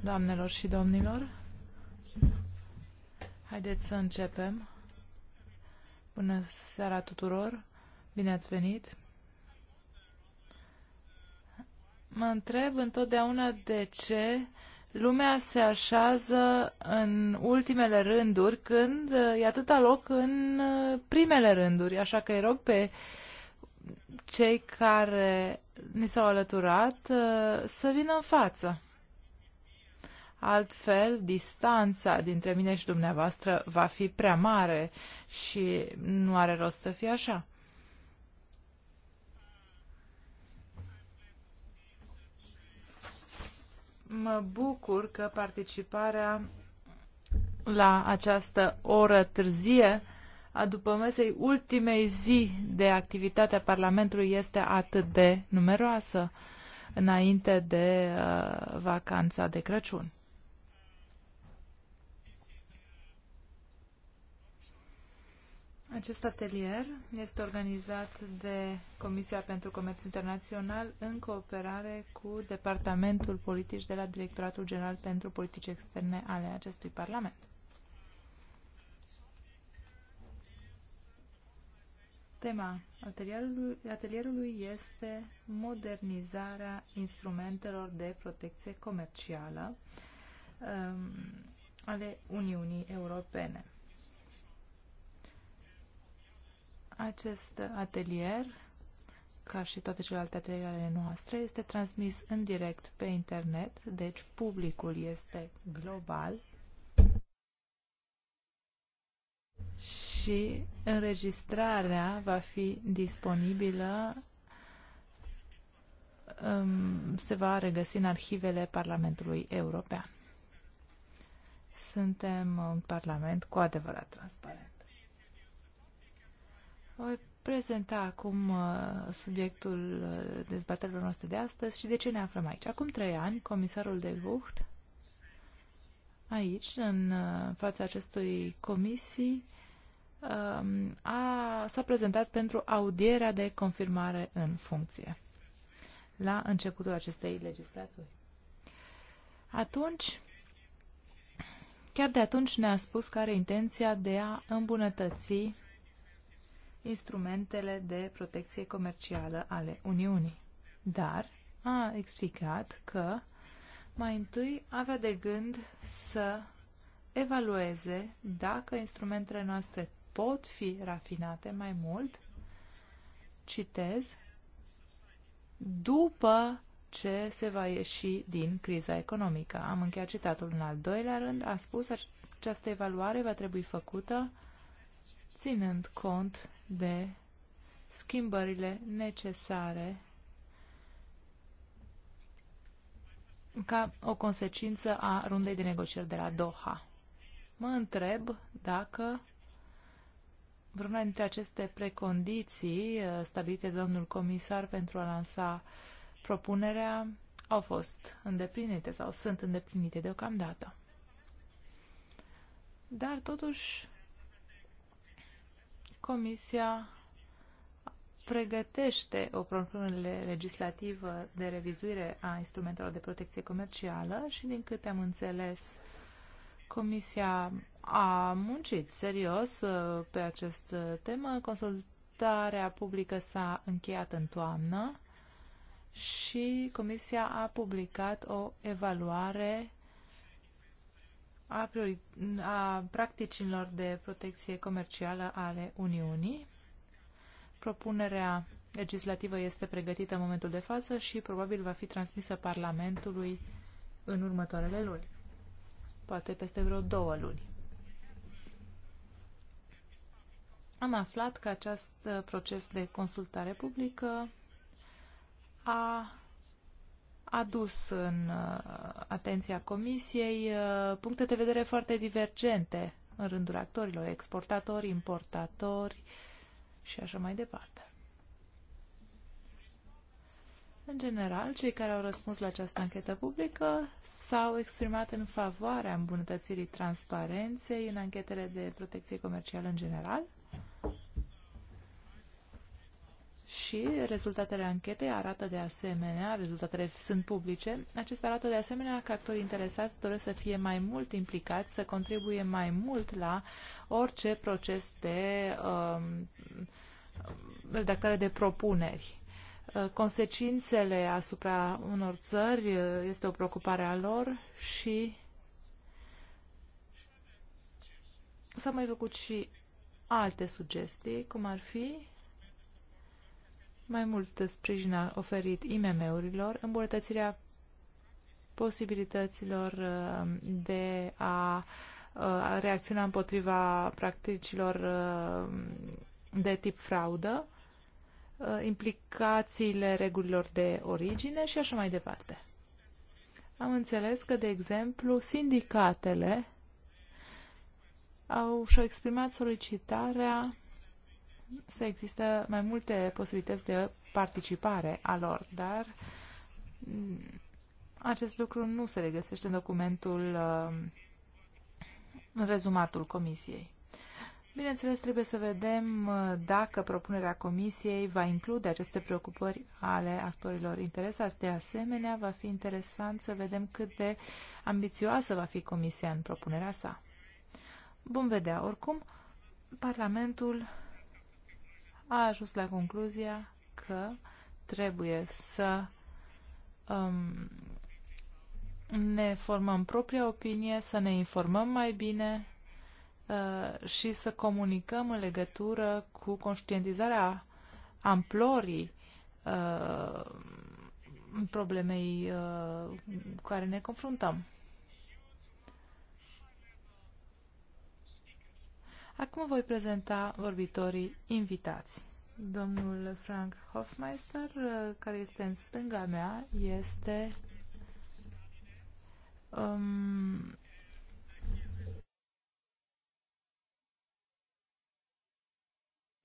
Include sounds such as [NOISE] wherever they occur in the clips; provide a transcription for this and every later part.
Doamnelor și domnilor, haideți să începem. Bună seara tuturor, bine ați venit. Mă întreb întotdeauna de ce lumea se așează în ultimele rânduri când e atâta loc în primele rânduri, așa că îi rog pe cei care ni s-au alăturat uh, să vină în față. Altfel, distanța dintre mine și dumneavoastră va fi prea mare și nu are rost să fie așa. Mă bucur că participarea la această oră târzie a după mesei ultimei zi de activitate a Parlamentului este atât de numeroasă înainte de uh, vacanța de Crăciun. Acest atelier este organizat de Comisia pentru Comerț Internațional în cooperare cu Departamentul Politici de la Directoratul General pentru Politici Externe ale acestui Parlament. Tema atelierului, atelierului este modernizarea instrumentelor de protecție comercială um, ale Uniunii Europene. Acest atelier, ca și toate celelalte ale noastre, este transmis în direct pe internet, deci publicul este global și înregistrarea va fi disponibilă um, se va regăsi în arhivele Parlamentului European. Suntem un parlament cu adevărat transparent. Voi prezenta acum uh, subiectul uh, dezbaterilor noastre de astăzi și de ce ne aflăm aici. Acum trei ani, comisarul de Gucht, aici, în uh, fața acestui comisii, Um, a, s-a prezentat pentru audierea de confirmare în funcție la începutul acestei legislaturi. Atunci, chiar de atunci ne-a spus că are intenția de a îmbunătăți instrumentele de protecție comercială ale Uniunii. Dar a explicat că mai întâi avea de gând să evalueze dacă instrumentele noastre pot fi rafinate mai mult, citez, după ce se va ieși din criza economică. Am încheiat citatul în al doilea rând, a spus că această evaluare va trebui făcută ținând cont de schimbările necesare ca o consecință a rundei de negocieri de la Doha. Mă întreb dacă Vreuna dintre aceste precondiții uh, stabilite domnul comisar pentru a lansa propunerea au fost îndeplinite sau sunt îndeplinite deocamdată. Dar totuși Comisia pregătește o propunere legislativă de revizuire a instrumentelor de protecție comercială și din câte am înțeles Comisia a muncit serios uh, pe acest uh, temă. Consultarea publică s-a încheiat în toamnă și Comisia a publicat o evaluare a, priori, a practicilor de protecție comercială ale Uniunii. Propunerea legislativă este pregătită în momentul de față și probabil va fi transmisă Parlamentului în următoarele luni, poate peste vreo două luni. am aflat că acest uh, proces de consultare publică a adus în uh, atenția Comisiei uh, puncte de vedere foarte divergente în rândul actorilor, exportatori, importatori și așa mai departe. În general, cei care au răspuns la această anchetă publică s-au exprimat în favoarea îmbunătățirii transparenței în anchetele de protecție comercială în general și rezultatele anchetei arată de asemenea, rezultatele sunt publice, acestea arată de asemenea că actorii interesați doresc să fie mai mult implicați, să contribuie mai mult la orice proces de um, redactare de propuneri. Uh, consecințele asupra unor țări uh, este o preocupare a lor și s-a mai făcut și alte sugestii, cum ar fi mai mult sprijin oferit IMM-urilor, îmbunătățirea posibilităților uh, de uh, a, reacționa împotriva practicilor uh, de tip fraudă, implicațiile regulilor de origine și așa mai departe. Am înțeles că, de exemplu, sindicatele au și-au exprimat solicitarea să există mai multe posibilități de participare a lor, dar mm, acest lucru nu se regăsește în documentul um, în rezumatul comisiei. Bineînțeles, trebuie să vedem uh, dacă propunerea comisiei va include aceste preocupări ale actorilor interesați. De asemenea, va fi interesant să vedem cât de ambițioasă va fi comisia în propunerea sa. Vom vedea. Oricum, Parlamentul a ajuns la concluzia că trebuie să um, ne formăm propria opinie, să ne informăm mai bine uh, și să comunicăm în legătură cu conștientizarea amplorii uh, problemei uh, cu care ne confruntăm. Acum voi prezenta vorbitorii invitați. Domnul Frank Hofmeister, uh, care este în stânga mea, este um,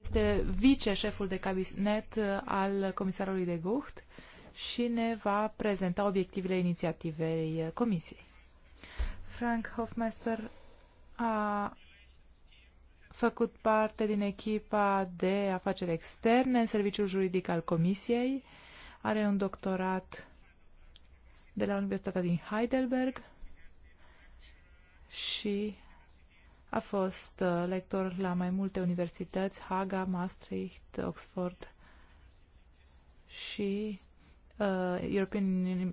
este vice-șeful de cabinet uh, al comisarului de Gucht și ne va prezenta obiectivele inițiativei uh, comisiei. Frank Hofmeister a făcut parte din echipa de afaceri externe în serviciul juridic al Comisiei. Are un doctorat de la Universitatea din Heidelberg și a fost uh, lector la mai multe universități, Haga, Maastricht, Oxford și uh, European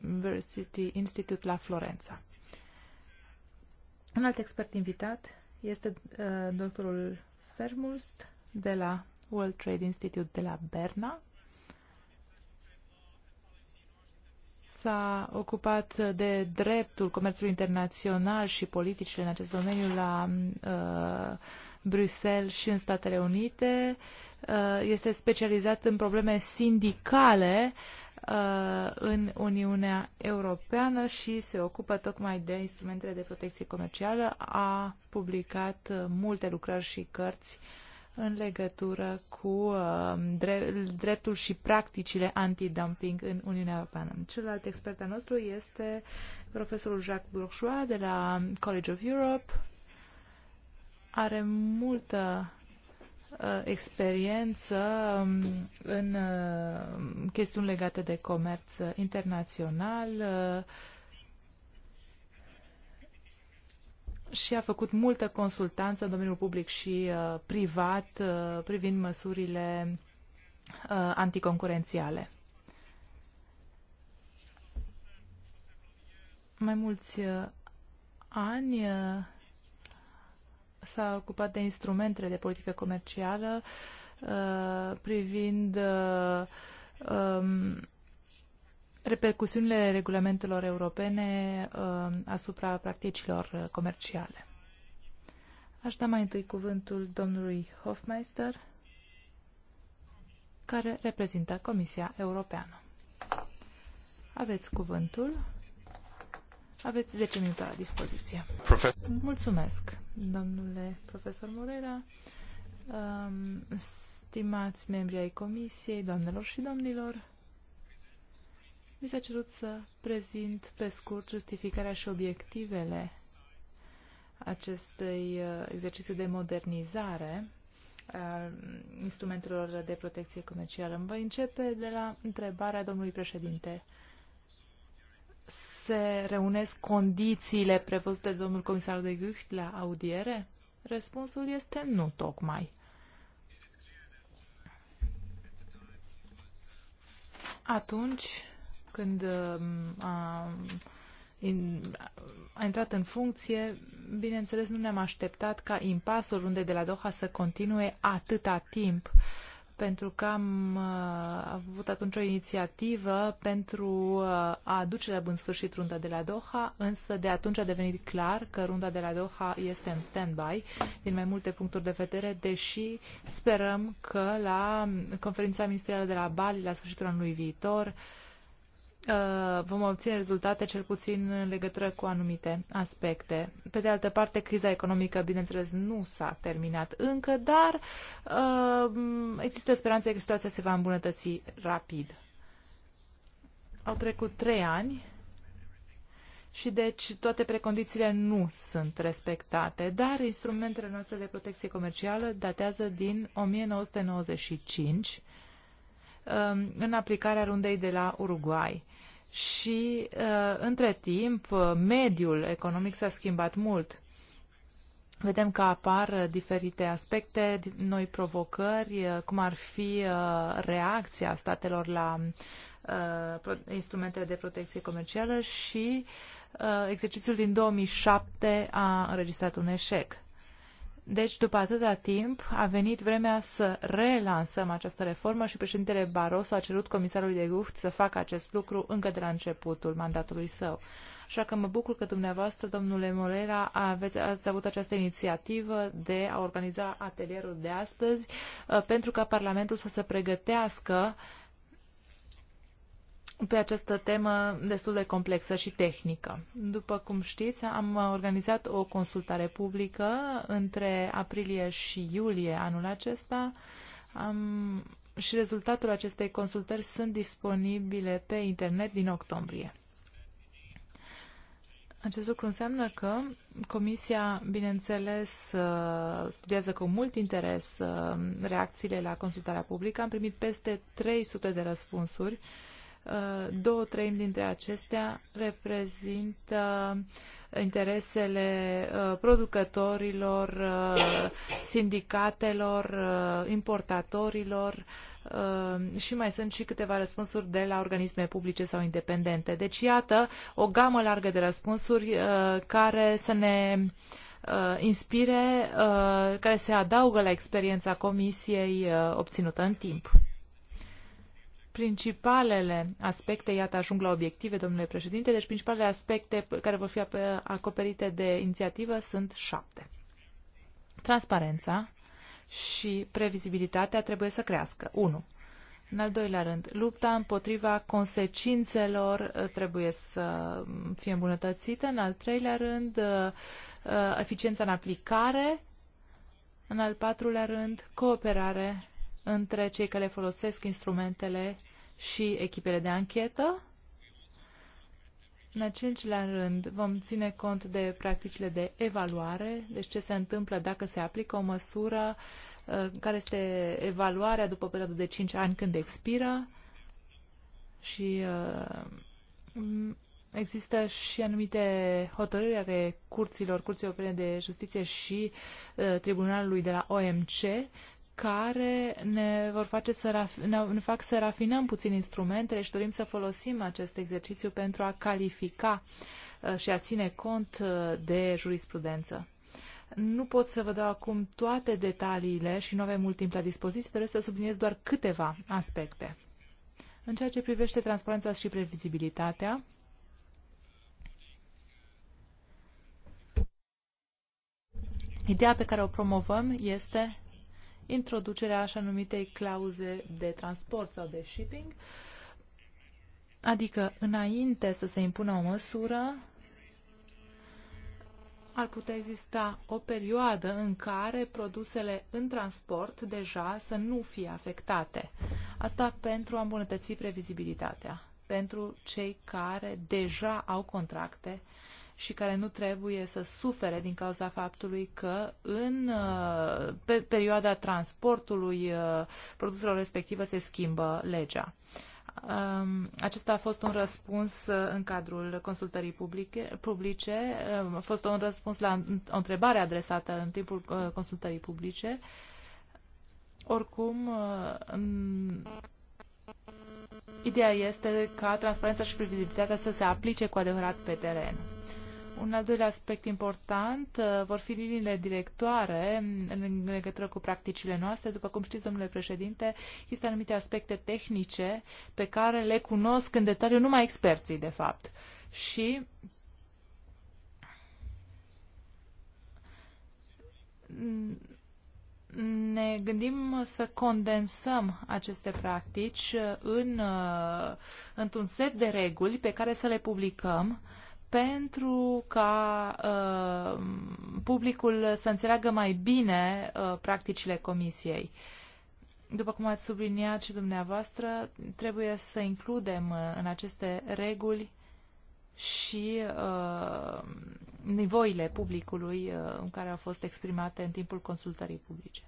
University Institute la Florența. Un alt expert invitat este uh, doctorul Fermulst de la World Trade Institute de la Berna. S-a ocupat de dreptul comerțului internațional și politicile în acest domeniu la uh, Bruxelles și în Statele Unite. Uh, este specializat în probleme sindicale uh, Uh, în Uniunea Europeană și se ocupă tocmai de instrumentele de protecție comercială. A publicat uh, multe lucrări și cărți în legătură cu uh, dreptul și practicile antidumping în Uniunea Europeană. Celălalt expert al nostru este profesorul Jacques Bourgeois de la College of Europe. Are multă Uh, experiență um, în uh, chestiuni legate de comerț internațional uh, și a făcut multă consultanță în domeniul public și privat privind măsurile anticoncurențiale. Mai mulți ani s-a ocupat de instrumentele de politică comercială uh, privind uh, um, repercusiunile regulamentelor europene uh, asupra practicilor comerciale. Aș da mai întâi cuvântul domnului Hofmeister, care reprezintă Comisia Europeană. Aveți cuvântul aveți 10 minute la dispoziție. Profes- Mulțumesc, domnule profesor Morera, um, stimați membri ai comisiei, doamnelor și domnilor. Mi s-a cerut să prezint pe scurt justificarea și obiectivele acestui uh, exercițiu de modernizare a instrumentelor de protecție comercială. Voi începe de la întrebarea domnului președinte se reunesc condițiile prevăzute de domnul comisar de Gucht la audiere? Răspunsul este nu tocmai. Atunci când um, a, a intrat în funcție, bineînțeles nu ne-am așteptat ca impasul unde de la Doha să continue atâta timp. Uh, pentru că am uh, avut atunci o inițiativă pentru uh, a aduce la bun sfârșit runda de la Doha, însă de atunci a devenit clar că runda de la Doha este în stand-by din mai multe puncturi de vedere, deși sperăm că la um, conferința ministerială de la Bali, la sfârșitul anului viitor, Uh, vom obține rezultate cel puțin în legătură cu anumite aspecte. Pe de altă parte, criza economică, bineînțeles, nu s-a terminat încă, dar uh, există speranțe că situația se va îmbunătăți rapid. Au trecut trei ani și deci toate precondițiile nu sunt respectate, dar instrumentele noastre de protecție comercială datează din 1995 um, în aplicarea rundei de la Uruguay și uh, între timp uh, mediul economic s-a schimbat mult. Vedem că apar uh, diferite aspecte, noi provocări, cum ar fi reacția statelor la instrumentele de protecție comercială și exercițiul din 2007 a înregistrat un eșec. Deci, după atâta timp, a venit vremea să relansăm această reformă și președintele Barroso a cerut comisarului de Guft să facă acest lucru încă de la începutul mandatului său. Așa că mă bucur că dumneavoastră, domnule Morera, aveți, ați avut această inițiativă de a organiza atelierul de astăzi uh, pentru ca Parlamentul să se pregătească pe această temă destul de complexă și tehnică. După cum știți, am organizat o consultare publică între aprilie și iulie anul acesta am... și rezultatul acestei consultări sunt disponibile pe internet din octombrie. Acest lucru înseamnă că Comisia, bineînțeles, ă, studiază cu mult interes ă, reacțiile la consultarea publică. Am primit peste 300 de răspunsuri Uh, două treimi dintre acestea reprezintă uh, interesele uh, producătorilor, sindicatelor, importatorilor și mai sunt și câteva răspunsuri de la organisme publice sau independente. Deci iată o gamă largă de răspunsuri care să ne inspire, care se adaugă la experiența comisiei obținută în timp principalele aspecte, iată ajung la obiective, domnule președinte, deci principalele aspecte care vor fi acoperite de inițiativă sunt șapte. Transparența și previzibilitatea trebuie să crească. 1. În al doilea rând, lupta împotriva consecințelor uh, trebuie să fie îmbunătățită. În al treilea rând, uh, uh, eficiența în aplicare. În al patrulea rând, cooperare între cei care folosesc instrumentele și echipele de anchetă. În al cincilea rând, vom ține cont de practicile de evaluare, deci ce se întâmplă dacă se aplică o măsură, uh, care este evaluarea după perioada de 5 ani când expiră și uh, Există și anumite hotărâri ale curților, Curții Europene de Justiție și uh, Tribunalului de la OMC, care ne vor face să ne fac să rafinăm puțin instrumentele și dorim să folosim acest exercițiu pentru a califica uh, și a ține cont uh, de jurisprudență. Nu pot să vă dau acum toate detaliile și nu avem mult timp la dispoziție, doresc să subliniez doar câteva aspecte. În ceea ce privește transparența și previzibilitatea, ideea pe care o promovăm este introducerea așa numitei clauze de transport sau de shipping, adică înainte să se impună o măsură, ar putea exista o perioadă în care produsele în transport deja să nu fie afectate. Asta pentru a îmbunătăți previzibilitatea pentru cei care deja au contracte și care nu trebuie să sufere din cauza faptului că în uh, pe perioada transportului uh, produselor respective se schimbă legea. Um, acesta a fost un răspuns uh, în cadrul consultării publice, publice, um, a fost un răspuns la o întrebare adresată în timpul consultării publice. Oricum, ideea este ca transparența și credibilitatea să se aplice cu adevărat pe teren. Un al doilea aspect important uh, vor fi liniile directoare în legătură cu practicile noastre. După cum știți, domnule președinte, există anumite aspecte tehnice pe care le cunosc în detaliu numai experții, de fapt. Și ne gândim să condensăm aceste practici în, uh, într-un set de reguli pe care să le publicăm pentru ca uh, publicul să înțeleagă mai bine uh, practicile comisiei. După cum ați subliniat și dumneavoastră, trebuie să includem uh, în aceste reguli și uh, nivoile publicului uh, în care au fost exprimate în timpul consultării publice.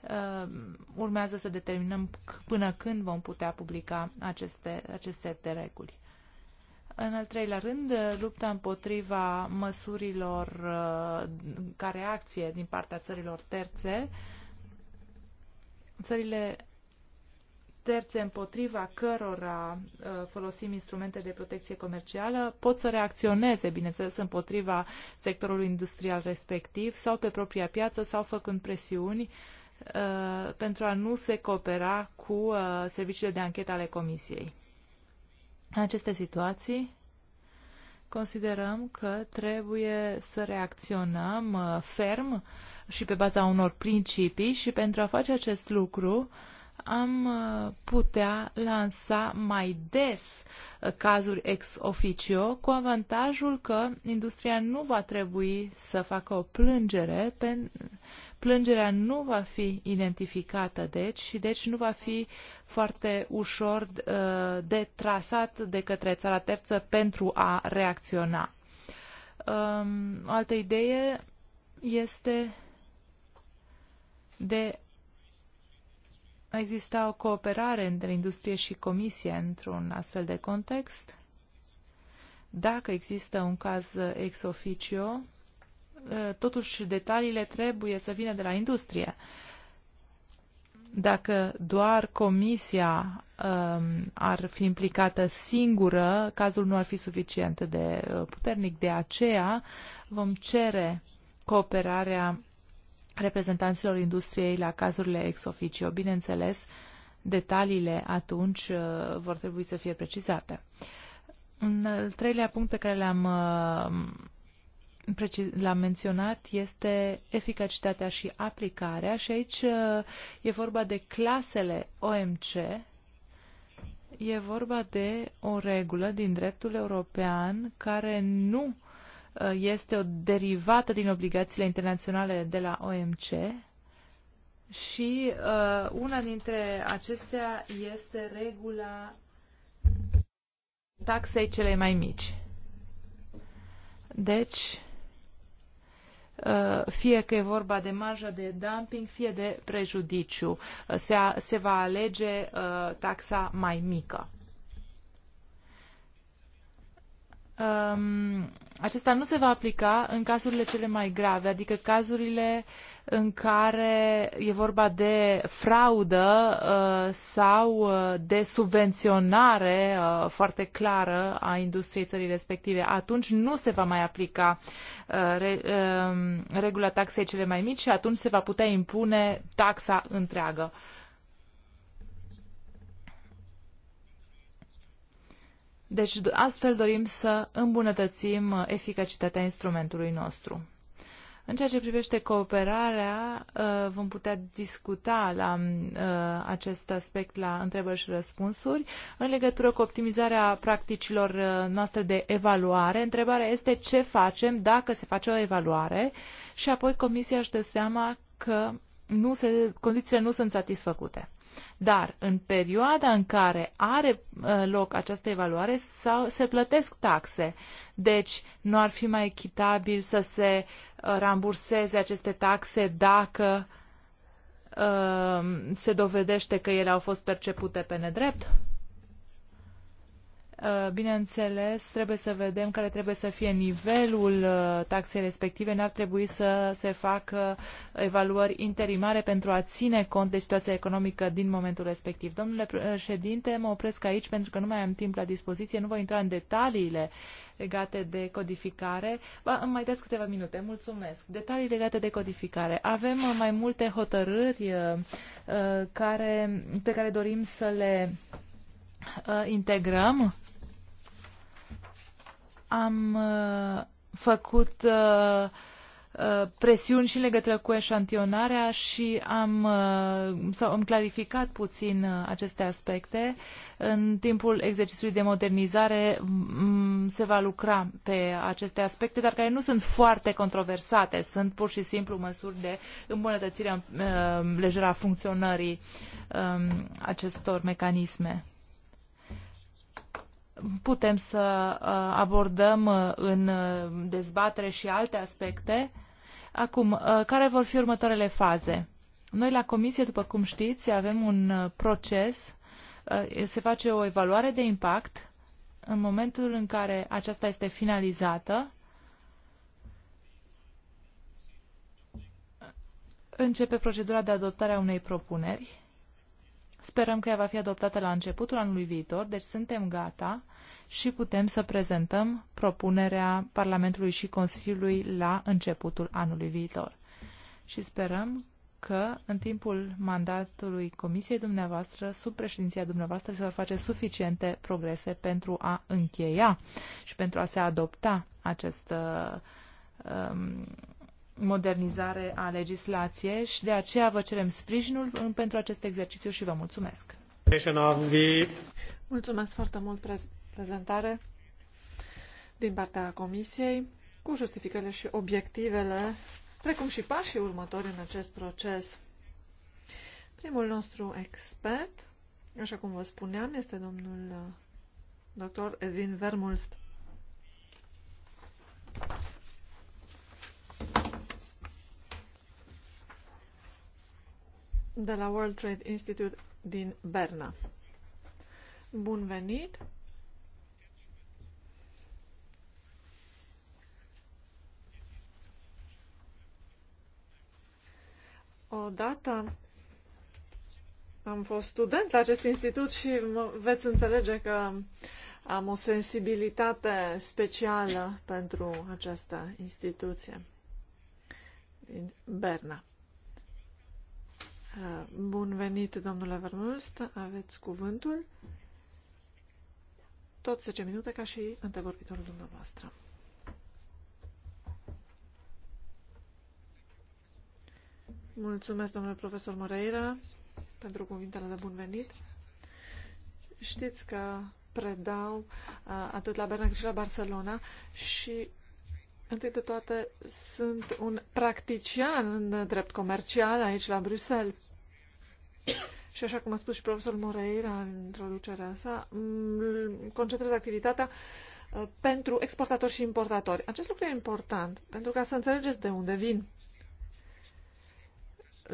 Uh, urmează să determinăm până când vom putea publica aceste, acest set de reguli. În al treilea rând, lupta împotriva măsurilor uh, ca reacție din partea țărilor terțe. Țările terțe împotriva cărora uh, folosim instrumente de protecție comercială pot să reacționeze, bineînțeles, împotriva sectorului industrial respectiv sau pe propria piață sau făcând presiuni uh, pentru a nu se coopera cu serviciile de anchetă ale Comisiei. În aceste situații, considerăm că trebuie să reacționăm uh, ferm și pe baza unor principii și pentru a face acest lucru am uh, putea lansa mai des uh, cazuri ex officio cu avantajul că industria nu va trebui să facă o plângere pentru Plângerea nu va fi identificată, deci, și deci nu va fi foarte ușor uh, de trasat de către țara terță pentru a reacționa. Um, o altă idee este de a exista o cooperare între industrie și comisie într-un astfel de context. Dacă există un caz ex officio, Eh, totuși detaliile trebuie să vină de la industrie. Dacă doar comisia um, ar fi implicată singură, cazul nu ar fi suficient de eh, puternic. De aceea vom cere cooperarea reprezentanților industriei la cazurile ex officio. Bineînțeles, detaliile atunci eh, vor trebui să fie precizate. În al treilea punct pe care l-am ehm, l-am menționat este eficacitatea și aplicarea și aici uh, e vorba de clasele OMC, e vorba de o regulă din dreptul european care nu uh, este o derivată din obligațiile internaționale de la OMC și uh, una dintre acestea este regula taxei cele mai mici. Deci, Uh, fie că e vorba de marja de dumping, fie de prejudiciu. Uh, se, se va alege uh, taxa mai mică. Um, acesta nu se va aplica în cazurile cele mai grave, adică cazurile uh, în care e vorba de fraudă uh, sau uh, de subvenționare uh, foarte clară a industriei țării respective. Atunci nu se va mai aplica um, regula taxei cele mai mici și atunci se va putea impune taxa întreagă. Deci astfel dorim să îmbunătățim eficacitatea instrumentului nostru. În ceea ce privește cooperarea, uh, vom putea discuta la uh, acest aspect la întrebări și răspunsuri. În legătură cu optimizarea practicilor uh, noastre de evaluare, întrebarea este ce facem dacă se face o evaluare și apoi Comisia își dă seama că nu se, condițiile nu sunt satisfăcute. Dar în perioada în care are uh, loc această evaluare sau se plătesc taxe. Deci nu ar fi mai echitabil să se uh, ramburseze aceste taxe dacă uh, se dovedește că ele au fost percepute pe nedrept? Uh, bineînțeles, trebuie să vedem care trebuie să fie nivelul uh, taxei respective. N-ar trebui să se facă evaluări interimare pentru a ține cont de situația economică din momentul respectiv. Domnule președinte, mă opresc aici pentru că nu mai am timp la dispoziție. Nu voi intra în detaliile legate de codificare. Ba, îmi mai dați câteva minute. Mulțumesc. Detalii legate de codificare. Avem uh, mai multe hotărâri care, pe care dorim să le integrăm am uh, făcut uh, uh, presiuni și în legătură cu eșantionarea și am, sau am clarificat puțin aceste aspecte. În timpul exercițiului de modernizare mm, se va lucra pe aceste aspecte, dar care nu sunt foarte controversate, sunt pur și simplu măsuri de îmbunătățire uh, a funcționării um, acestor mecanisme putem să uh, abordăm uh, în uh, dezbatere și alte aspecte. Acum, care vor fi următoarele faze? Noi la comisie, după cum știți, avem un proces, se face o evaluare de impact în momentul în care aceasta este finalizată. Începe procedura de adoptare a unei propuneri. Sperăm că ea va fi adoptată la începutul anului viitor, deci suntem gata și putem să prezentăm propunerea Parlamentului și Consiliului la începutul anului viitor. Și sperăm că în timpul mandatului Comisiei dumneavoastră, sub președinția dumneavoastră, se vor face suficiente progrese pentru a încheia și pentru a se adopta această um, modernizare a legislației și de aceea vă cerem sprijinul pentru acest exercițiu și vă mulțumesc. Mulțumesc foarte mult prezentare din partea Comisiei cu justificările și obiectivele, precum și pașii următori în acest proces. Primul nostru expert, așa cum vă spuneam, este domnul uh, dr. Edwin Vermulst. de la World Trade Institute din Berna. Bun venit! Odată am fost student la acest institut și veți înțelege că am o sensibilitate specială pentru această instituție din Berna. Uh, bun venit, domnule Vermulst, aveți cuvântul. Tot 10 minute ca și antevorbitorul dumneavoastră. Mulțumesc, domnule profesor Moreira, pentru cuvintele de bun venit. Știți că predau uh, atât la Berna cât și la Barcelona și Întâi de toate, sunt un practician în drept comercial aici la Bruxelles. și așa cum a spus și profesor Moreira în introducerea sa, concentrez activitatea uh, pentru exportatori și importatori. Acest lucru e important pentru ca să înțelegeți de unde vin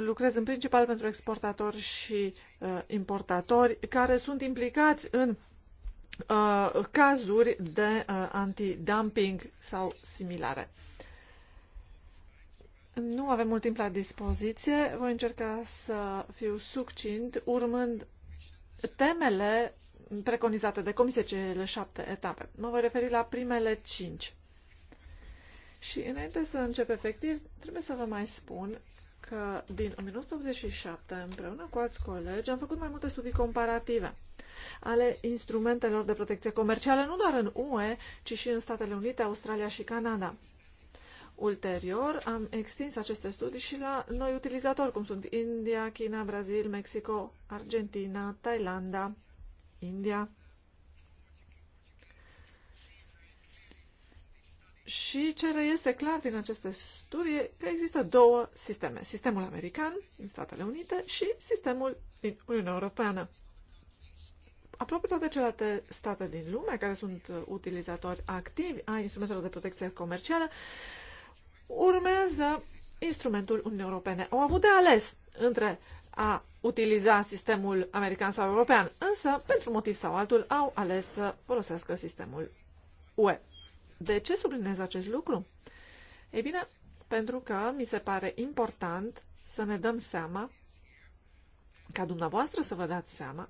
lucrez în principal pentru exportatori și uh, importatori care sunt implicați în uh, cazuri de uh, antidumping sau similare. Nu avem mult timp la dispoziție. Voi încerca să fiu succint, urmând temele preconizate de comisie, cele șapte etape. Mă voi referi la primele cinci. Și înainte să încep efectiv, trebuie să vă mai spun că din 1987, împreună cu alți colegi, am făcut mai multe studii comparative ale instrumentelor de protecție comercială, nu doar în UE, ci și în Statele Unite, Australia și Canada. Ulterior, am extins aceste studii și la noi utilizatori, cum sunt India, China, Brazil, Mexico, Argentina, Thailanda, India, Și ce reiese clar din aceste studii că există două sisteme. Sistemul american din Statele Unite și sistemul din Uniunea Europeană. Aproape toate celelalte state din lume care sunt utilizatori activi a instrumentelor de protecție comercială urmează instrumentul Uniunii Europene. Au avut de ales între a utiliza sistemul american sau european, însă, pentru motiv sau altul, au ales să folosească sistemul UE. De ce sublinez acest lucru? Ei bine, pentru că mi se pare important să ne dăm seama, ca dumneavoastră să vă dați seama,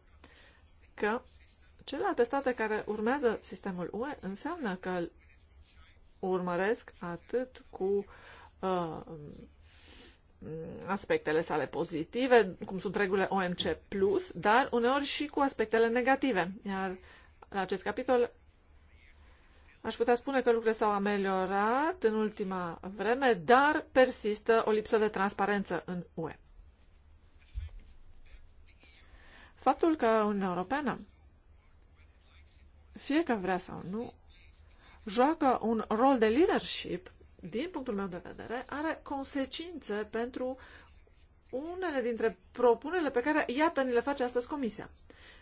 că cele atestate care urmează sistemul UE înseamnă că îl urmăresc atât cu uh, aspectele sale pozitive, cum sunt regulile OMC+, dar uneori și cu aspectele negative. Iar la acest capitol Aș putea spune că lucrurile s-au ameliorat în ultima vreme, dar persistă o lipsă de transparență în UE. Faptul că Uniunea Europeană, fie că vrea sau nu, joacă un rol de leadership, din punctul meu de vedere, are consecințe pentru unele dintre propunerile pe care, iată, ni le face astăzi Comisia.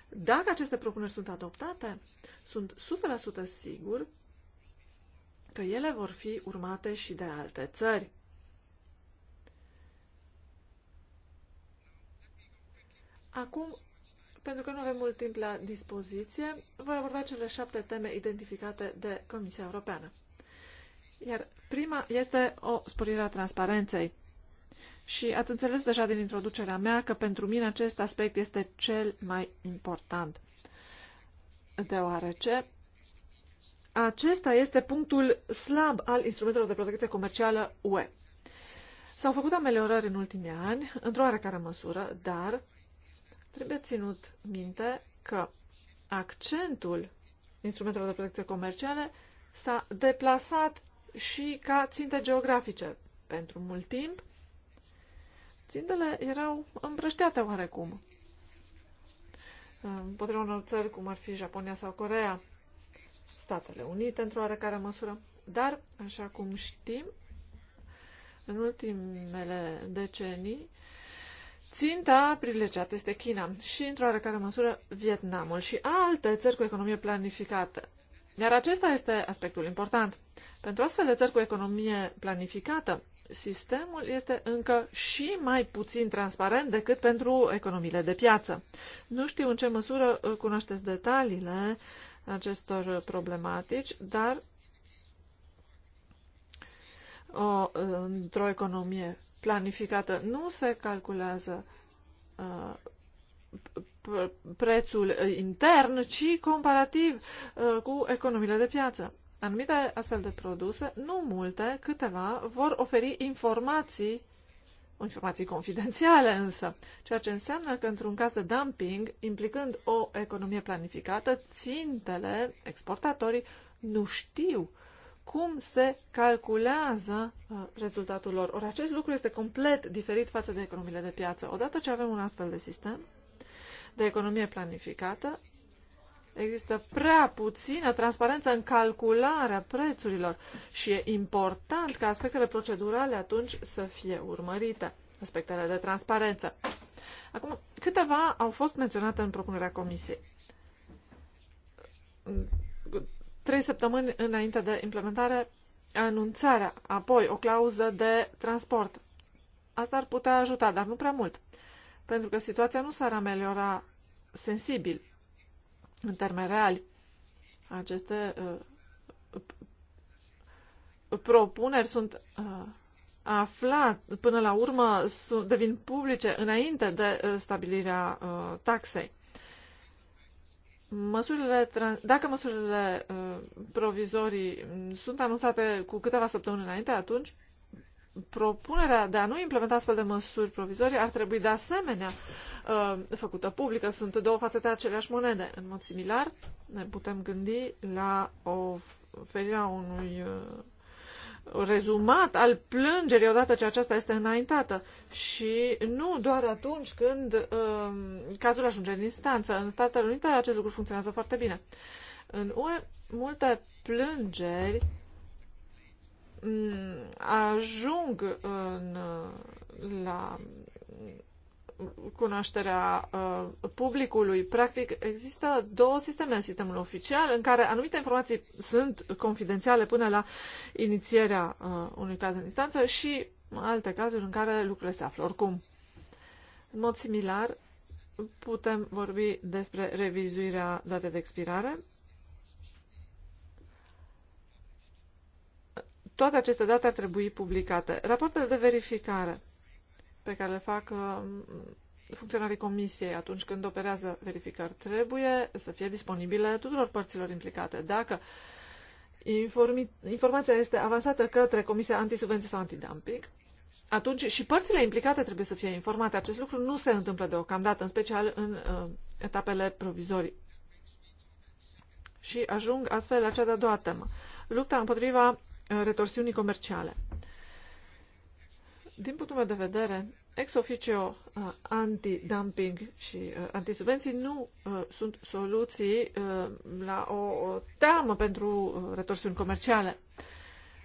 Dacă aceste propuneri sunt adoptate, sunt 100% sigur că ele vor fi urmate și de alte țări. Acum, pentru că nu avem mult timp la dispoziție, voi aborda cele șapte teme identificate de Comisia Europeană. Iar prima este o sporire a transparenței. Și ați înțeles deja din introducerea mea că pentru mine acest aspect este cel mai important, deoarece acesta este punctul slab al instrumentelor de protecție comercială UE. S-au făcut ameliorări în ultimii ani, într-o oarecare măsură, dar trebuie ținut minte că accentul instrumentelor de protecție comerciale s-a deplasat și ca ținte geografice. Pentru mult timp, țintele erau împrășteate oarecum. Potrivit unor țări, cum ar fi Japonia sau Corea, Statele Unite, într-o oarecare măsură. Dar, așa cum știm, în ultimele decenii, ținta privilegiată este China și, într-o oarecare măsură, Vietnamul și alte țări cu economie planificată. Iar acesta este aspectul important. Pentru astfel de țări cu economie planificată, sistemul este încă și mai puțin transparent decât pentru economiile de piață. Nu știu în ce măsură cunoașteți detaliile acestor problematici, dar o, într-o economie planificată nu se calculează prețul intern, ci comparativ cu economiile de piață. Anumite astfel de produse, nu multe, câteva, vor oferi informații informații confidențiale însă, ceea ce înseamnă că într-un caz de dumping, implicând o economie planificată, țintele, exportatorii, nu știu cum se calculează uh, rezultatul lor. Ori acest lucru este complet diferit față de economiile de piață. Odată ce avem un astfel de sistem de economie planificată, Există prea puțină transparență în calcularea prețurilor și e important ca aspectele procedurale atunci să fie urmărite, aspectele de transparență. Acum, câteva au fost menționate în propunerea comisiei. Trei săptămâni înainte de implementare, anunțarea, apoi o clauză de transport. Asta ar putea ajuta, dar nu prea mult, pentru că situația nu s-ar ameliora sensibil în termeni reali. Aceste uh, propuneri sunt uh, aflat, până la urmă sunt, devin publice înainte de uh, stabilirea uh, taxei. Măsurile, dacă măsurile uh, provizorii sunt anunțate cu câteva săptămâni înainte, atunci propunerea de a nu implementa astfel de măsuri provizorii ar trebui de asemenea uh, făcută publică. Sunt două fațete aceleași monede. În mod similar, ne putem gândi la oferirea unui uh, rezumat al plângerii odată ce aceasta este înaintată și nu doar atunci când um, cazul ajunge în instanță. În Statele Unite acest lucru funcționează foarte bine. În UE, multe plângeri ajung în, la cunoașterea uh, publicului. Practic, există două sisteme în sistemul oficial în care anumite informații sunt confidențiale până la inițierea uh, unui caz în instanță și alte cazuri în care lucrurile se află oricum. În mod similar, putem vorbi despre revizuirea datei de expirare Toate aceste date ar trebui publicate. Rapoartele de verificare pe care le fac uh, funcționarii comisiei atunci când operează verificări trebuie să fie disponibile tuturor părților implicate. Dacă informația este avansată către Comisia Antisubvenție sau Antidumping, atunci și părțile implicate trebuie să fie informate. Acest lucru nu se întâmplă deocamdată, în special în uh, etapele provizorii. Și ajung astfel la cea de-a doua temă. Lupta împotriva retorsiunii comerciale. Din punctul meu de vedere, ex officio uh, anti-dumping și uh, antisubvenții nu uh, sunt soluții la o teamă pentru retorsiuni comerciale.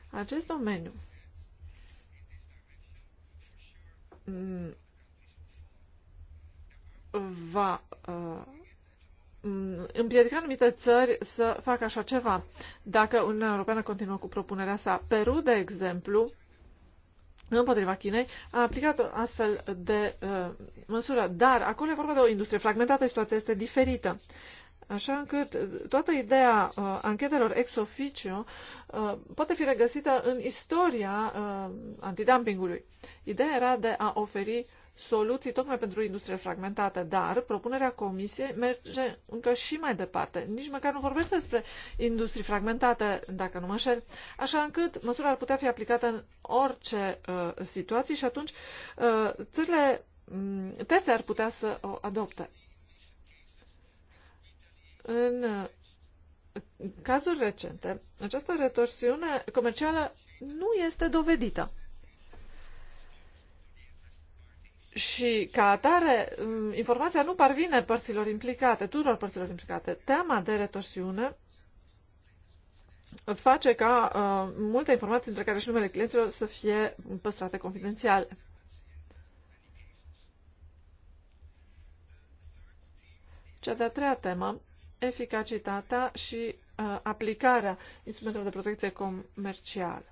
Acest domeniu mm, va Mm, împiedica anumite țări să facă așa ceva. Dacă Uniunea Europeană continuă cu propunerea sa, Peru, de exemplu, împotriva Chinei, a aplicat o astfel de uh, măsură. Dar acolo e vorba de o industrie fragmentată, situația este diferită. Așa încât uh, toată ideea uh, anchetelor ex officio uh, poate fi regăsită în istoria uh, antidumpingului. Ideea era de a oferi uh, soluții tocmai pentru industrie fragmentată, dar propunerea comisiei merge încă și mai departe. Nici măcar nu vorbește despre industrie fragmentată, dacă nu mă șer. așa încât măsura ar putea fi aplicată în orice uh, situație și atunci uh, țările mm, terțe ar putea să o adopte. În uh, cazuri recente, această retorsiune comercială nu este dovedită. Și, ca atare, informația nu parvine părților implicate, tuturor părților implicate. Teama de retorsiune face ca uh, multe informații, între care și numele clienților, să fie păstrate confidențiale. Cea de-a treia temă, eficacitatea și uh, aplicarea instrumentelor de protecție comercială.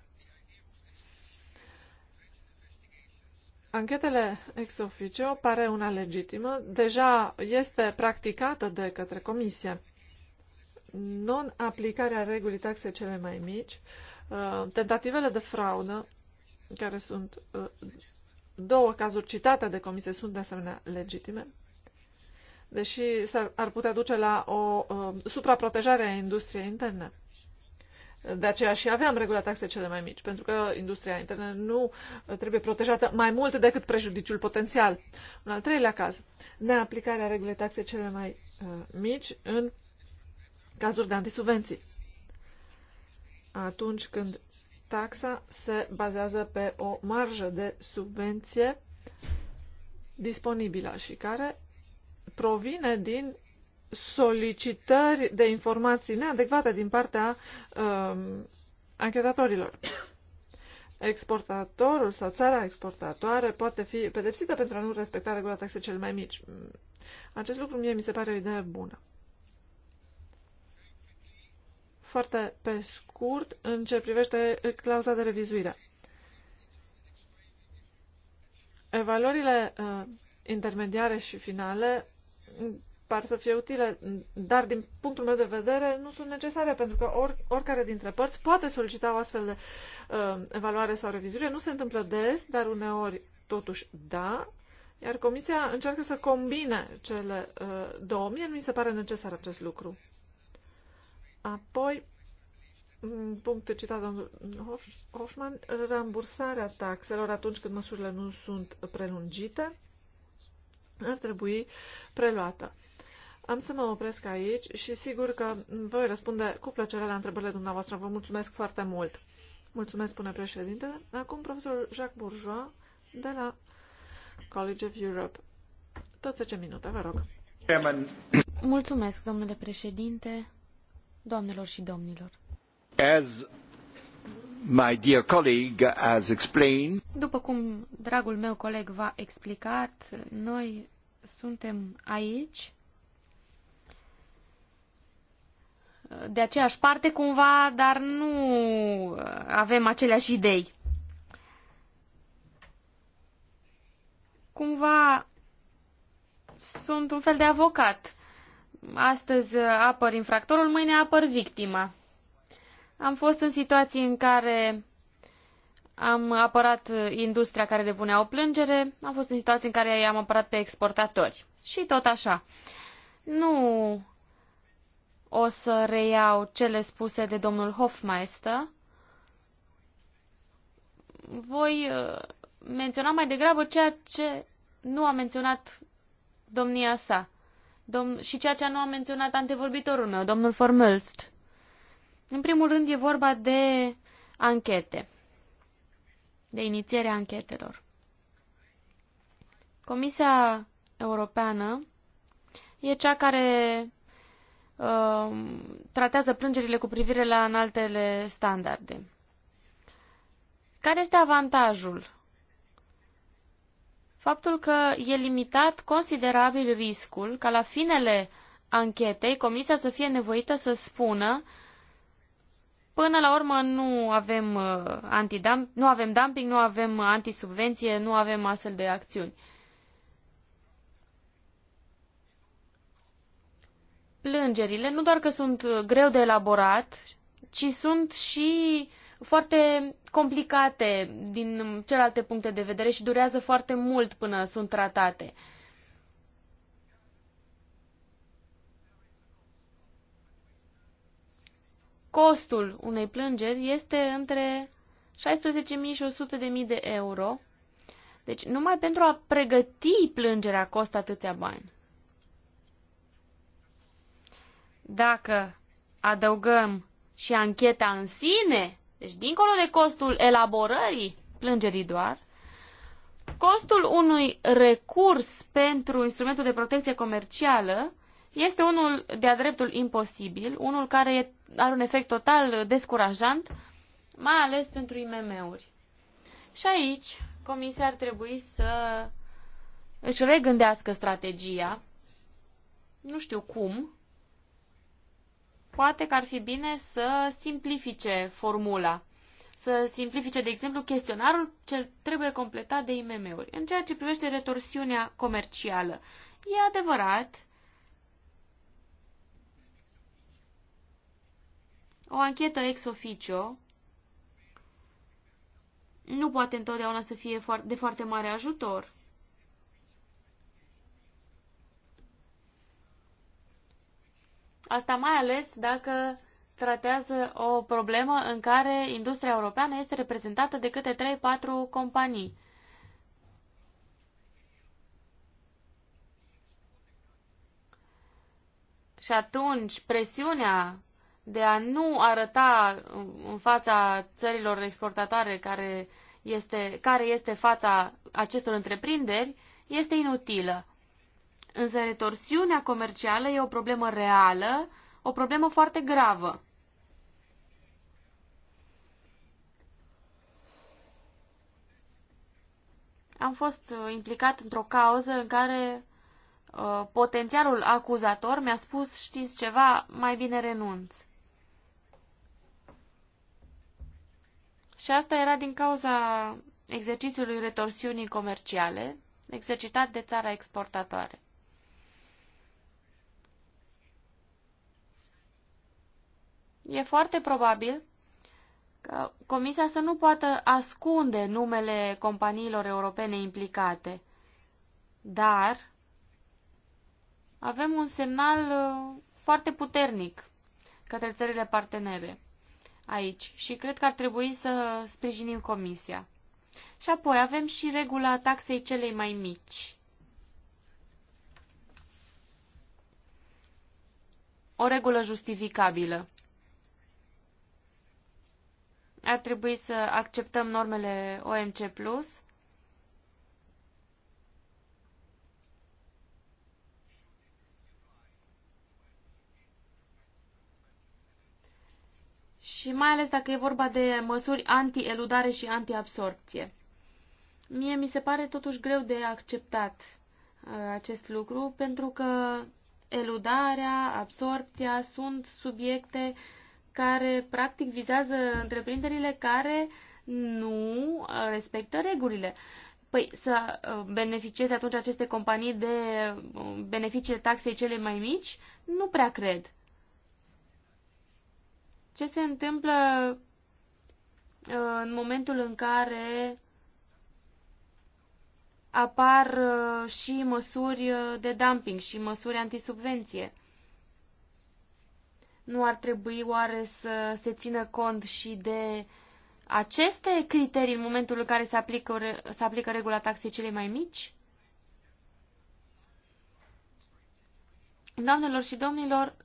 Anchetele ex officio pare una legitimă, deja este practicată de către Comisie. Non-aplicarea regulii taxe cele mai mici, uh, tentativele de fraudă, care sunt uh, două cazuri citate de Comisie, sunt de asemenea legitime, deși ar putea duce la o uh, supraprotejare a industriei interne. De aceea și aveam regulat taxe cele mai mici, pentru că industria internă nu uh, trebuie protejată mai mult decât prejudiciul potențial. În al treilea caz, neaplicarea regulii taxe cele mai uh, mici în cazuri de antisubvenții. Atunci când taxa se bazează pe o marjă de subvenție disponibilă și care provine din solicitări de informații neadecvate din partea uh, anchetatorilor. Exportatorul sau țara exportatoare poate fi pedepsită pentru a nu respecta regula taxe cel mai mici. Acest lucru mie mi se pare o idee bună. Foarte pe scurt, în ce privește clauza de revizuire. Evaluările uh, intermediare și finale par să fie utile, dar din punctul meu de vedere nu sunt necesare, pentru că or, oricare dintre părți poate solicita o astfel de uh, evaluare sau revizuire. Nu se întâmplă des, dar uneori totuși da, iar Comisia încearcă să combine cele uh, două. Mie nu mi se pare necesar acest lucru. Apoi, punct citat domnul Hoffman, rambursarea taxelor atunci când măsurile nu sunt prelungite ar trebui preluată. Am să mă opresc aici și sigur că voi răspunde cu plăcere la întrebările dumneavoastră. Vă mulțumesc foarte mult. Mulțumesc, spune președintele. Acum profesorul Jacques Bourgeois de la College of Europe. Tot 10 minute, vă rog. Mulțumesc, domnule președinte, doamnelor și domnilor. As my dear colleague has explained, După cum dragul meu coleg v-a explicat, noi suntem aici de aceeași parte cumva, dar nu avem aceleași idei. Cumva sunt un fel de avocat. Astăzi apăr infractorul, mâine apăr victima. Am fost în situații în care am apărat industria care depunea o plângere, am fost în situații în care i-am apărat pe exportatori. Și tot așa. Nu o să reiau cele spuse de domnul Hofmeister. Voi uh, menționa mai degrabă ceea ce nu a menționat domnia sa domn- și ceea ce nu a menționat antevorbitorul meu, domnul Formulst. În primul rând e vorba de anchete, de inițierea anchetelor. Comisia Europeană e cea care Um, tratează plângerile cu privire la înaltele standarde. Care este avantajul? Faptul că e limitat considerabil riscul ca la finele anchetei comisia să fie nevoită să spună până la urmă nu avem, uh, antidump- nu avem dumping, nu avem antisubvenție, nu avem astfel de acțiuni. plângerile nu doar că sunt uh, greu de elaborat, ci sunt și foarte complicate din celelalte puncte de vedere și durează foarte mult până sunt tratate. Costul unei plângeri este între 16.000 și 100.000 de euro. Deci numai pentru a pregăti plângerea costă atâția bani dacă adăugăm și ancheta în sine, deci dincolo de costul elaborării plângerii doar, costul unui recurs pentru instrumentul de protecție comercială este unul de-a dreptul imposibil, unul care are un efect total descurajant, mai ales pentru IMM-uri. Și aici, Comisia ar trebui să își regândească strategia, nu știu cum, poate că ar fi bine să simplifice formula. Să simplifice, de exemplu, chestionarul ce trebuie completat de IMM-uri. În ceea ce privește retorsiunea comercială, e adevărat. O anchetă ex officio nu poate întotdeauna să fie de foarte mare ajutor. Asta mai ales dacă tratează o problemă în care industria europeană este reprezentată de câte 3-4 companii. Și atunci presiunea de a nu arăta în fața țărilor exportatoare care este, care este fața acestor întreprinderi este inutilă. Însă retorsiunea comercială e o problemă reală, o problemă foarte gravă. Am fost uh, implicat într-o cauză în care uh, potențialul acuzator mi-a spus, știți ceva, mai bine renunț. Și asta era din cauza exercițiului retorsiunii comerciale, exercitat de țara exportatoare. E foarte probabil că Comisia să nu poată ascunde numele companiilor europene implicate. Dar avem un semnal uh, foarte puternic către țările partenere aici și cred că ar trebui să sprijinim Comisia. Și apoi avem și regula taxei celei mai mici. O regulă justificabilă ar trebui să acceptăm normele OMC+, și mai ales dacă e vorba de măsuri anti-eludare și anti-absorpție. Mie mi se pare totuși greu de acceptat uh, acest lucru, pentru că eludarea, absorpția sunt subiecte uh, care practic vizează întreprinderile care nu uh, respectă regulile. Păi să uh, beneficieze atunci aceste companii de uh, beneficiile taxei cele mai mici? Nu prea cred. Ce se întâmplă în momentul în care apar și măsuri de dumping și măsuri antisubvenție? Nu ar trebui oare să se țină cont și de aceste criterii în momentul în care se aplică, se aplică regula taxei cele mai mici? Doamnelor și domnilor,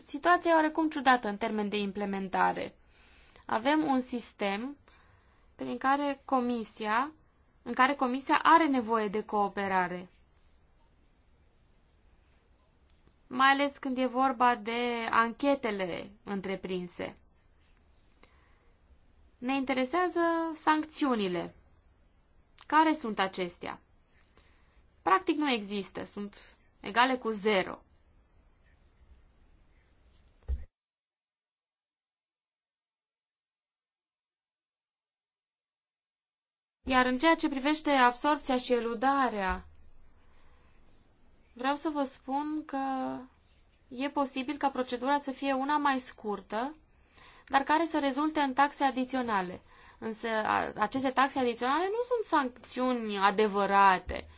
situația e oarecum ciudată în termen de implementare. Avem un sistem prin care comisia, în care comisia are nevoie de cooperare. mai ales când e vorba de anchetele întreprinse. Ne interesează sancțiunile. Care sunt acestea? Practic nu există, sunt egale cu zero. Iar în ceea ce privește absorpția și eludarea Vreau să vă spun că e posibil ca procedura să fie una mai scurtă, dar care să rezulte în taxe adiționale. Însă aceste taxe adiționale nu sunt sancțiuni adevărate.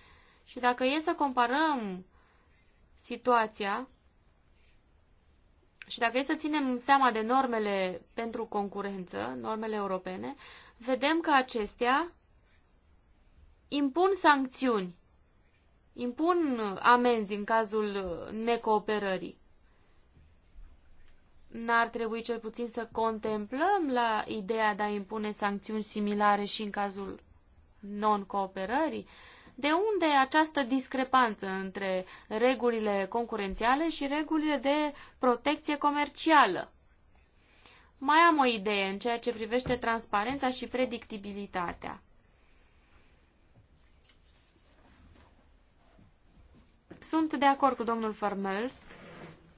Și dacă e să comparăm situația și dacă e să ținem seama de normele pentru concurență, normele europene, vedem că acestea impun sancțiuni impun amenzi în cazul necooperării. N-ar trebui cel puțin să contemplăm la ideea de a impune sancțiuni similare și în cazul non-cooperării? De unde această discrepanță între regulile concurențiale și regulile de protecție comercială? Mai am o idee în ceea ce privește transparența și predictibilitatea. Sunt de acord cu domnul Vermelst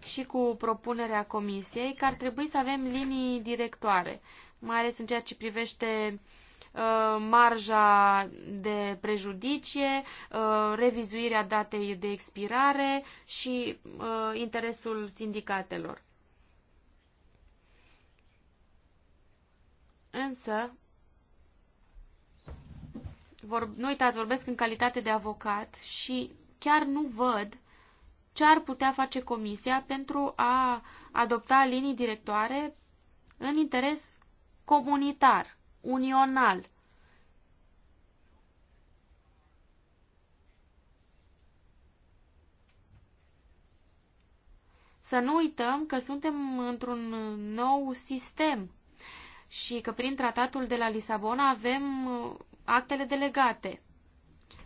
și cu propunerea comisiei că ar trebui să avem linii directoare, mai ales în ceea ce privește uh, marja de prejudicie, uh, revizuirea datei de expirare și uh, interesul sindicatelor. Însă, vor, nu uitați, vorbesc în calitate de avocat și chiar nu văd ce ar putea face Comisia pentru a adopta linii directoare în interes comunitar, unional. Să nu uităm că suntem într-un nou sistem și că prin tratatul de la Lisabona avem actele delegate.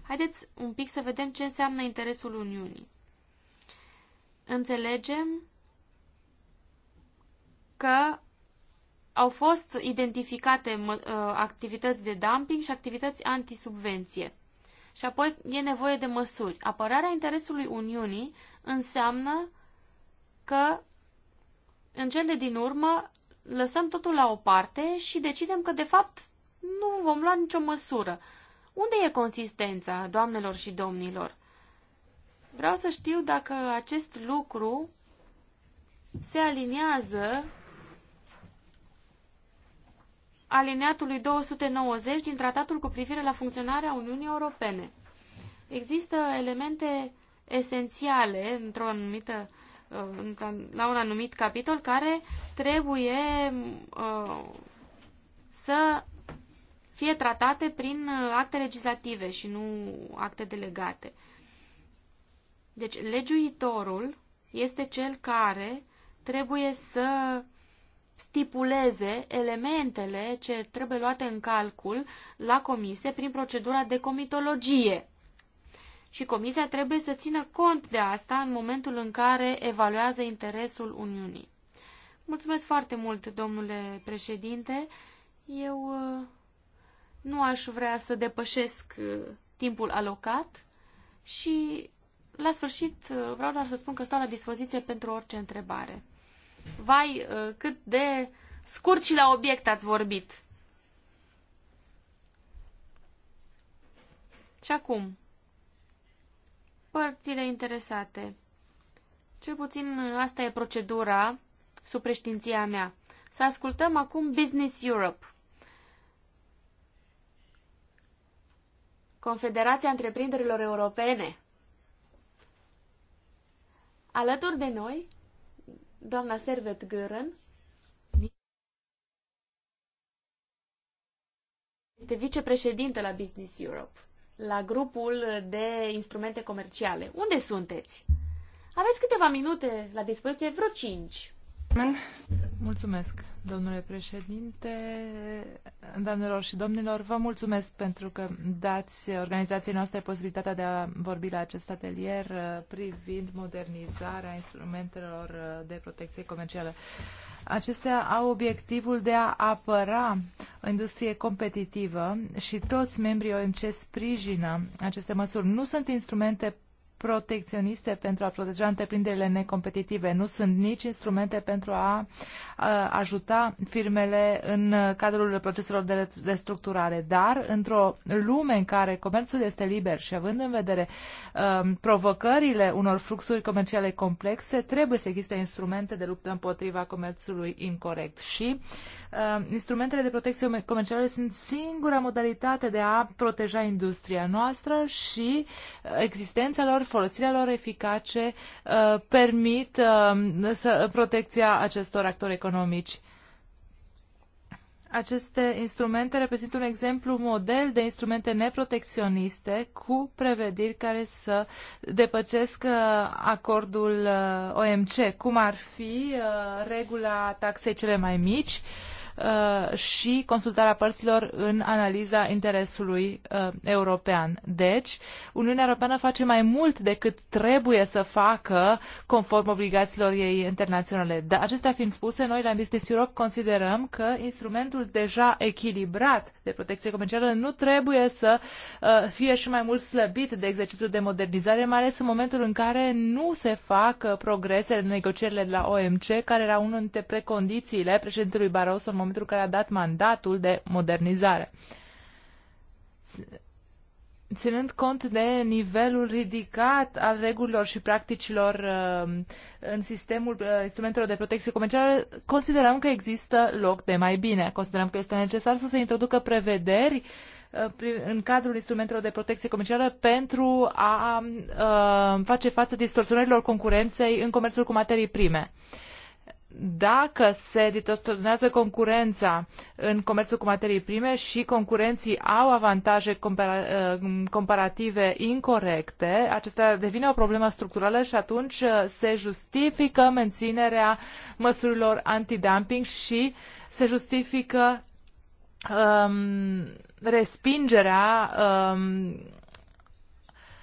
Haideți un pic să vedem ce înseamnă interesul Uniunii. Înțelegem că au fost identificate ă, activități de dumping și activități antisubvenție. Și apoi e nevoie de măsuri. Apărarea interesului Uniunii înseamnă că în cele din urmă lăsăm totul la o parte și decidem că de fapt nu vom lua nicio măsură. Unde e consistența, doamnelor și domnilor? Vreau să știu dacă acest lucru se aliniază alineatului 290 din tratatul cu privire la funcționarea Uniunii Europene. Există elemente esențiale într-o anumită uh, la un anumit capitol care trebuie uh, să fie tratate prin uh, acte legislative și nu acte delegate. Deci, legiuitorul este cel care trebuie să stipuleze elementele ce trebuie luate în calcul la comisie prin procedura de comitologie. Și comisia trebuie să țină cont de asta în momentul în care evaluează interesul Uniunii. Mulțumesc foarte mult, domnule președinte. Eu uh, nu aș vrea să depășesc uh, timpul alocat și la sfârșit uh, vreau doar să spun că stau la dispoziție pentru orice întrebare. Vai, uh, cât de scurt și la obiect ați vorbit. Și acum, părțile interesate. Cel puțin asta e procedura sub mea. Să ascultăm acum Business Europe. Confederația Întreprinderilor Europene. Alături de noi, doamna Servet Gârân este vicepreședintă la Business Europe, la grupul de instrumente comerciale. Unde sunteți? Aveți câteva minute la dispoziție, vreo cinci. Mulțumesc, domnule președinte, doamnelor și domnilor. Vă mulțumesc pentru că dați organizației noastre posibilitatea de a vorbi la acest atelier uh, privind modernizarea instrumentelor uh, de protecție comercială. Acestea au obiectivul de a apăra o industrie competitivă și toți membrii OMC sprijină aceste măsuri. Nu sunt instrumente protecționiste pentru a proteja întreprinderile necompetitive. Nu sunt nici instrumente pentru a, a ajuta firmele în cadrul proceselor de restructurare. Dar, într-o lume în care comerțul este liber și având în vedere um, provocările unor fluxuri comerciale complexe, trebuie să existe instrumente de luptă împotriva comerțului incorrect. Și um, instrumentele de protecție comercială sunt singura modalitate de a proteja industria noastră și existența lor folosirea lor eficace uh, permit uh, să, protecția acestor actori economici. Aceste instrumente reprezintă un exemplu model de instrumente neprotecționiste cu prevederi care să depăcesc uh, acordul OMC, cum ar fi regula taxei cele mai mici, uh, și consultarea părților în analiza interesului uh, european. Deci, Uniunea Europeană face mai mult decât trebuie să facă conform obligațiilor ei internaționale. Dar acestea fiind spuse, noi la Business Europe considerăm că instrumentul deja echilibrat de protecție comercială nu trebuie să uh, fie și mai mult slăbit de exercițiul de modernizare, mai ales în momentul în care nu se fac uh, progrese în negocierile de la OMC, care era unul dintre precondițiile președintelui Barroso în momentul momentul în care a dat mandatul de modernizare. Ținând cont de nivelul ridicat al regulilor și practicilor uh, în sistemul uh, instrumentelor de protecție comercială, considerăm că există loc de mai bine. Considerăm că este necesar să se introducă prevederi uh, în cadrul instrumentelor de protecție comercială pentru a face față distorsionărilor concurenței în comerțul cu materii prime dacă se distorsionează concurența în comerțul cu materii prime și concurenții au avantaje uh, comparative incorrecte, acestea devine o problemă structurală și atunci uh, se justifică menținerea măsurilor antidumping și se justifică um, respingerea um,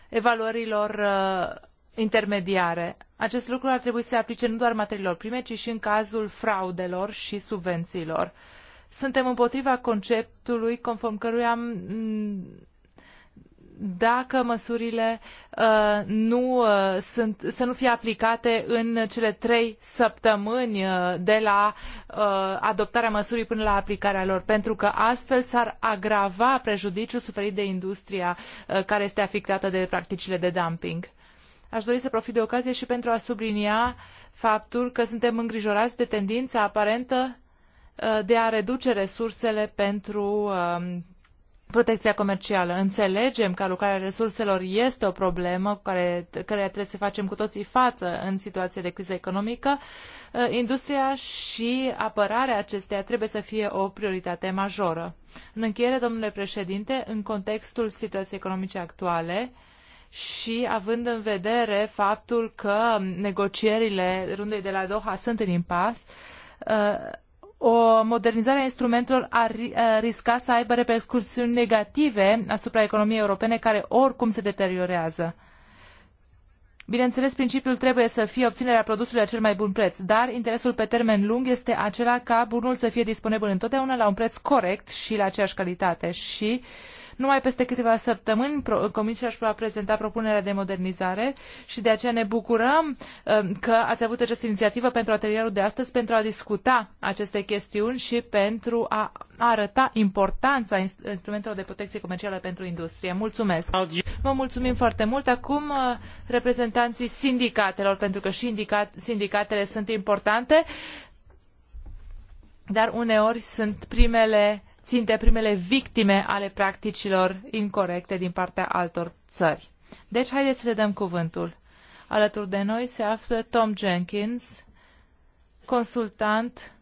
evaluărilor uh, intermediare. Acest lucru ar trebui să se aplice nu doar materiilor prime, ci și în cazul fraudelor și subvențiilor. Suntem împotriva conceptului conform căruia dacă măsurile uh, nu uh, sunt, să nu fie aplicate în cele trei săptămâni uh, de la uh, adoptarea măsurii până la aplicarea lor, pentru că astfel s-ar agrava prejudiciul suferit de industria uh, care este afectată de practicile de dumping. Aș dori să profit de ocazie și pentru a sublinia faptul că suntem îngrijorați de tendința aparentă uh, de a reduce resursele pentru um, protecția comercială. Înțelegem că alocarea resurselor este o problemă cu care, care trebuie să facem cu toții față în situația de criză economică. Uh, industria și apărarea acesteia trebuie să fie o prioritate majoră. În încheiere, domnule președinte, în contextul situației economice actuale, și având în vedere faptul că negocierile rundei de la Doha sunt în impas, uh, o modernizare a instrumentelor ar uh, risca să aibă repercusiuni negative asupra economiei europene care oricum se deteriorează. Bineînțeles, principiul trebuie să fie obținerea produsului la cel mai bun preț, dar interesul pe termen lung este acela ca bunul să fie disponibil întotdeauna la un preț corect și la aceeași calitate și uh, numai peste câteva săptămâni Comisia își va prezenta propunerea de modernizare și de aceea ne bucurăm um, că ați avut această inițiativă pentru atelierul de astăzi pentru a discuta aceste chestiuni și pentru a arăta importanța instrumentelor de protecție comercială pentru industrie. Mulțumesc! Vă mulțumim foarte mult. Acum uh, reprezentanții sindicatelor, pentru că și sindicatele sunt importante, dar uneori sunt primele ținte primele victime ale practicilor incorrecte din partea altor țări. Deci, haideți să le dăm cuvântul. Alături de noi se află Tom Jenkins, consultant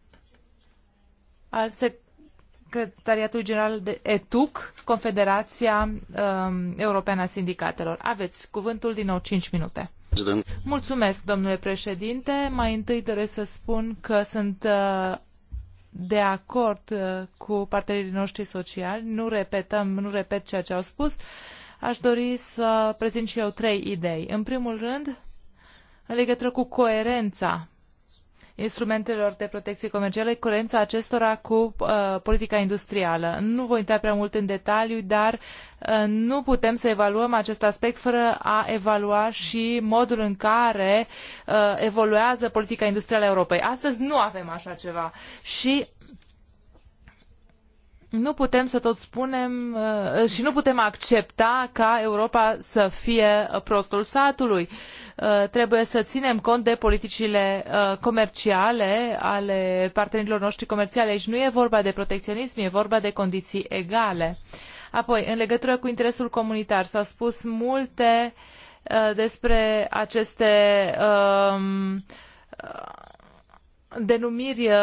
al Secretariatului General de ETUC, Confederația um, Europeană a Sindicatelor. Aveți cuvântul din nou 5 minute. Mulțumesc, domnule președinte. Mai întâi doresc să spun că sunt uh, de acord uh, cu partenerii noștri sociali. Nu repetăm, nu repet ceea ce au spus. Aș dori să prezint și eu trei idei. În primul rând, în legătură cu coerența instrumentelor de protecție comercială, coerența acestora cu uh, politica industrială. Nu voi intra prea mult în detaliu, dar uh, nu putem să evaluăm acest aspect fără a evalua și modul în care uh, evoluează politica industrială a Europei. Astăzi nu avem așa ceva și nu putem să tot spunem uh, și nu putem accepta ca Europa să fie prostul satului. Uh, trebuie să ținem cont de politicile uh, comerciale ale partenerilor noștri comerciale. Aici nu e vorba de protecționism, e vorba de condiții egale. Apoi, în legătură cu interesul comunitar, s-au spus multe despre aceste um, denumiri uh,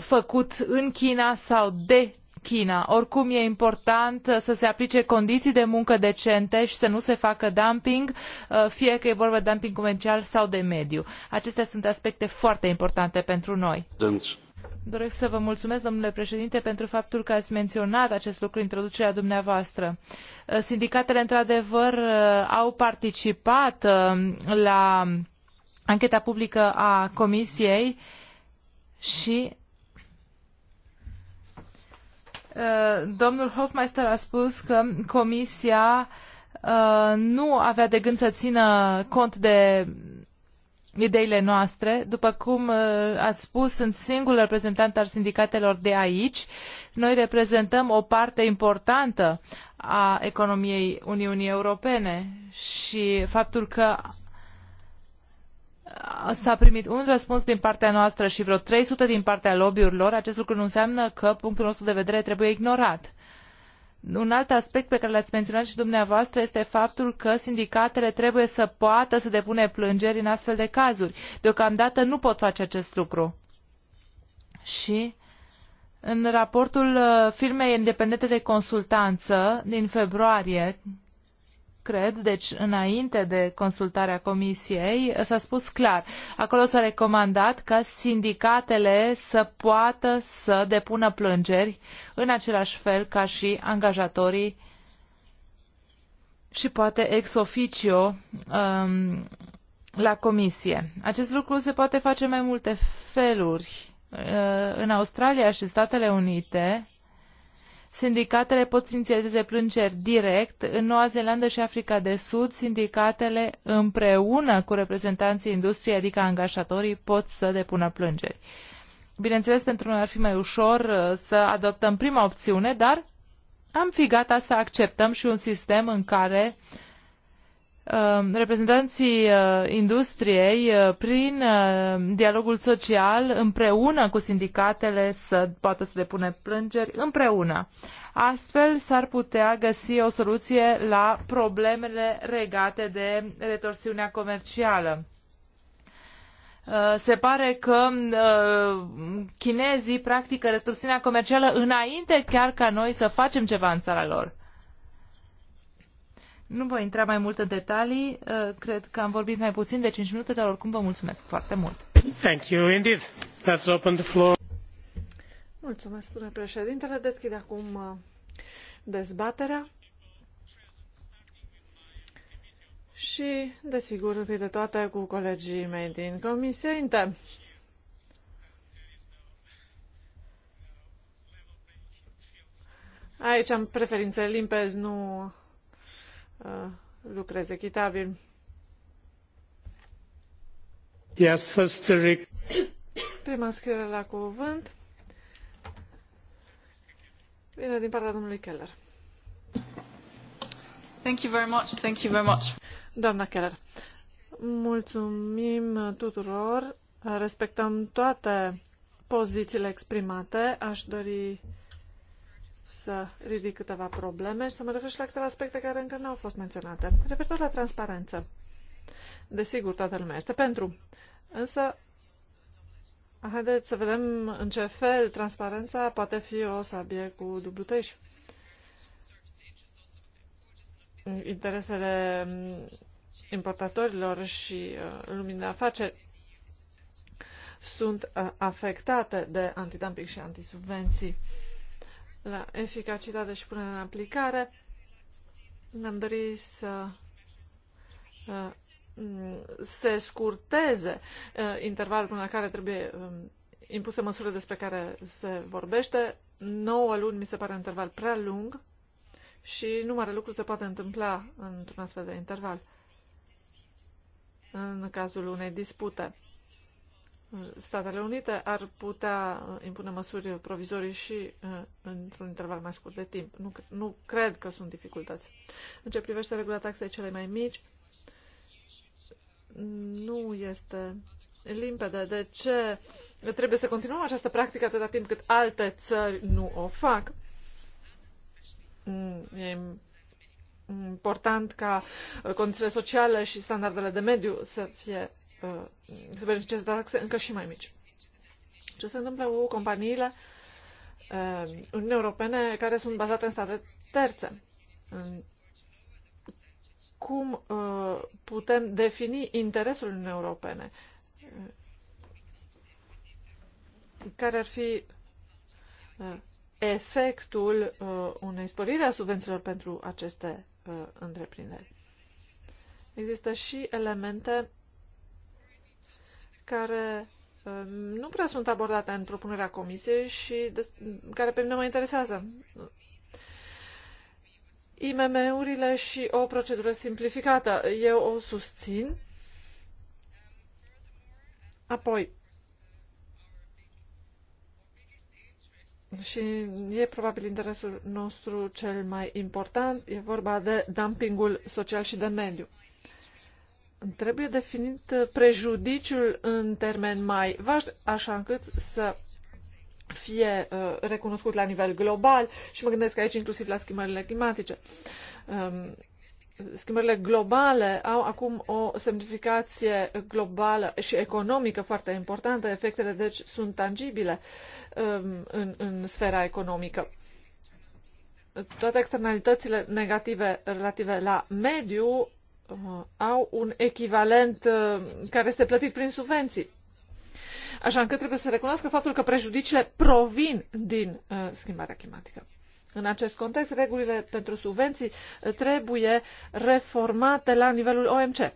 făcut în China sau de China. Oricum e important uh, să se aplice condiții de muncă decente și să nu se facă dumping, uh, fie că e vorba de dumping comercial sau de mediu. Acestea sunt aspecte foarte importante pentru noi. Doresc să vă mulțumesc, domnule președinte, pentru faptul că ați menționat acest lucru în introducerea dumneavoastră. Sindicatele, într-adevăr, au participat la ancheta publică a Comisiei și uh, domnul Hofmeister a spus că Comisia uh, nu avea de gând să țină cont de ideile noastre. După cum uh, a spus, sunt singur reprezentant al sindicatelor de aici. Noi reprezentăm o parte importantă a economiei Uniunii Europene și faptul că s-a primit un răspuns din partea noastră și vreo 300 din partea lobby-urilor, acest lucru nu înseamnă că punctul nostru de vedere trebuie ignorat. Un alt aspect pe care l-ați menționat și dumneavoastră este faptul că sindicatele trebuie să poată să depune plângeri în astfel de cazuri. Deocamdată nu pot face acest lucru. Și în raportul uh, firmei independente de consultanță din februarie, cred, deci înainte de consultarea comisiei, s-a spus clar. Acolo s-a recomandat ca sindicatele să poată să depună plângeri în același fel ca și angajatorii și poate ex officio um, la comisie. Acest lucru se poate face în mai multe feluri. Uh, în Australia și Statele Unite, Sindicatele pot să inițieze plângeri direct. În Noua Zeelandă și Africa de Sud, sindicatele împreună cu reprezentanții industriei, adică angajatorii, pot să depună plângeri. Bineînțeles, pentru noi ar fi mai ușor uh, să adoptăm prima opțiune, dar am fi gata să acceptăm și un sistem în care uh, Um, reprezentanții uh, industriei uh, prin uh, dialogul social împreună cu sindicatele să poată să depune plângeri împreună. Astfel s-ar putea găsi o soluție la problemele regate de retorsiunea comercială. Se pare că chinezii practică retorsiunea comercială înainte chiar ca noi să facem ceva în țara lor. Nu voi intra mai multe detalii, uh, cred că am vorbit mai puțin de 5 minute, dar oricum vă mulțumesc foarte mult. Thank you indeed. Let's open the floor. Mulțumesc, domnule președintele. Deschid acum uh, dezbaterea. Și, desigur, întâi de toate cu colegii mei din Comisie Inter. Aici am preferințe limpezi, nu lucrez echitabil. Yes, first, Rick. Prima înscriere la cuvânt vine din partea domnului Keller. Thank you very much. Thank you very much. Doamna Keller, mulțumim tuturor. Respectăm toate pozițiile exprimate. Aș dori să ridic câteva probleme și să mă refer și la câteva aspecte care încă nu au fost menționate. Referitor la transparență. Desigur, toată lumea este pentru. Însă, haideți să vedem în ce fel transparența poate fi o sabie cu dublu tăiș. Interesele mm, importatorilor și uh, lumii de afaceri sunt uh, afectate de antidumping și antisubvenții la eficacitate și punerea în aplicare. Ne-am dorit să uh, se scurteze uh, intervalul până la care trebuie um, impuse măsurile despre care se vorbește. 9 luni mi se pare un interval prea lung și nu mare lucru se poate întâmpla într-un astfel de interval în cazul unei dispute. Statele Unite ar putea uh, impune măsuri provizorii și uh, într-un interval mai scurt de timp. Nu, nu cred că sunt dificultăți. În ce privește regula taxei cele mai mici, nu este limpede de ce trebuie să continuăm această practică atâta timp cât alte țări nu o fac. Mm, e important ca uh, condițiile sociale și standardele de mediu să fie uh, să beneficieze de taxe încă și mai mici. Ce se întâmplă cu companiile uh, Uniunii Europene care sunt bazate în state terțe? Cum putem defini interesul Uniunii Europene? Care ar fi efectul uh, unei sporiri a subvențiilor pentru aceste uh, întreprinderi. Există și elemente care uh, nu prea sunt abordate în propunerea comisiei și des, care pe mine mă interesează. IMM-urile și o procedură simplificată. Eu o susțin. Apoi, și e probabil interesul nostru cel mai important. E vorba de dumpingul social și de mediu. Trebuie definit prejudiciul în termen mai vaști, așa încât să fie uh, recunoscut la nivel global și mă gândesc aici inclusiv la schimbările climatice. Um, schimbările globale au acum o semnificație globală și economică foarte importantă. Efectele, deci, sunt tangibile um, în, în sfera economică. Toate externalitățile negative relative la mediu uh, au un echivalent uh, care este plătit prin subvenții. Așa încât trebuie să recunoască faptul că prejudiciile provin din uh, schimbarea climatică. În acest context, regulile pentru subvenții trebuie reformate la nivelul OMC.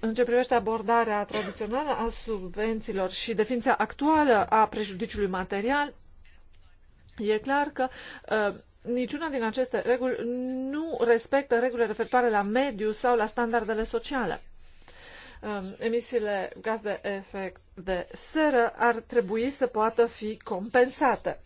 În ce privește abordarea tradițională a subvențiilor și definiția actuală a prejudiciului material, e clar că uh, niciuna din aceste reguli nu respectă regulile referitoare la mediu sau la standardele sociale. Um, emisiile gaz de efect de seră ar trebui să poată fi compensate.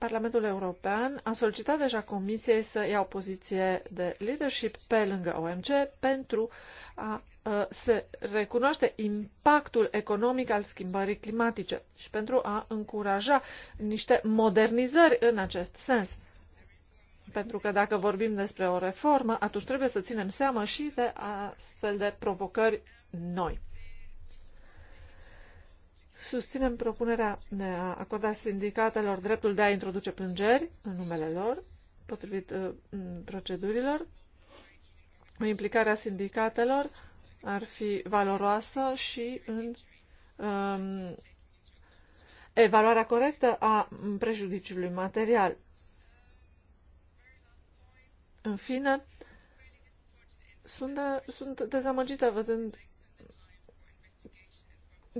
Parlamentul European a solicitat deja Comisiei să ia o poziție de leadership pe lângă OMC pentru a se recunoaște impactul economic al schimbării climatice și pentru a încuraja niște modernizări în acest sens. Pentru că dacă vorbim despre o reformă, atunci trebuie să ținem seama și de astfel de provocări noi. Susținem propunerea de a acorda sindicatelor dreptul de a introduce plângeri în numele lor, potrivit uh, procedurilor. Implicarea sindicatelor ar fi valoroasă și în um, evaluarea corectă a prejudiciului material. În fine, sunt, de, sunt dezamăgită văzând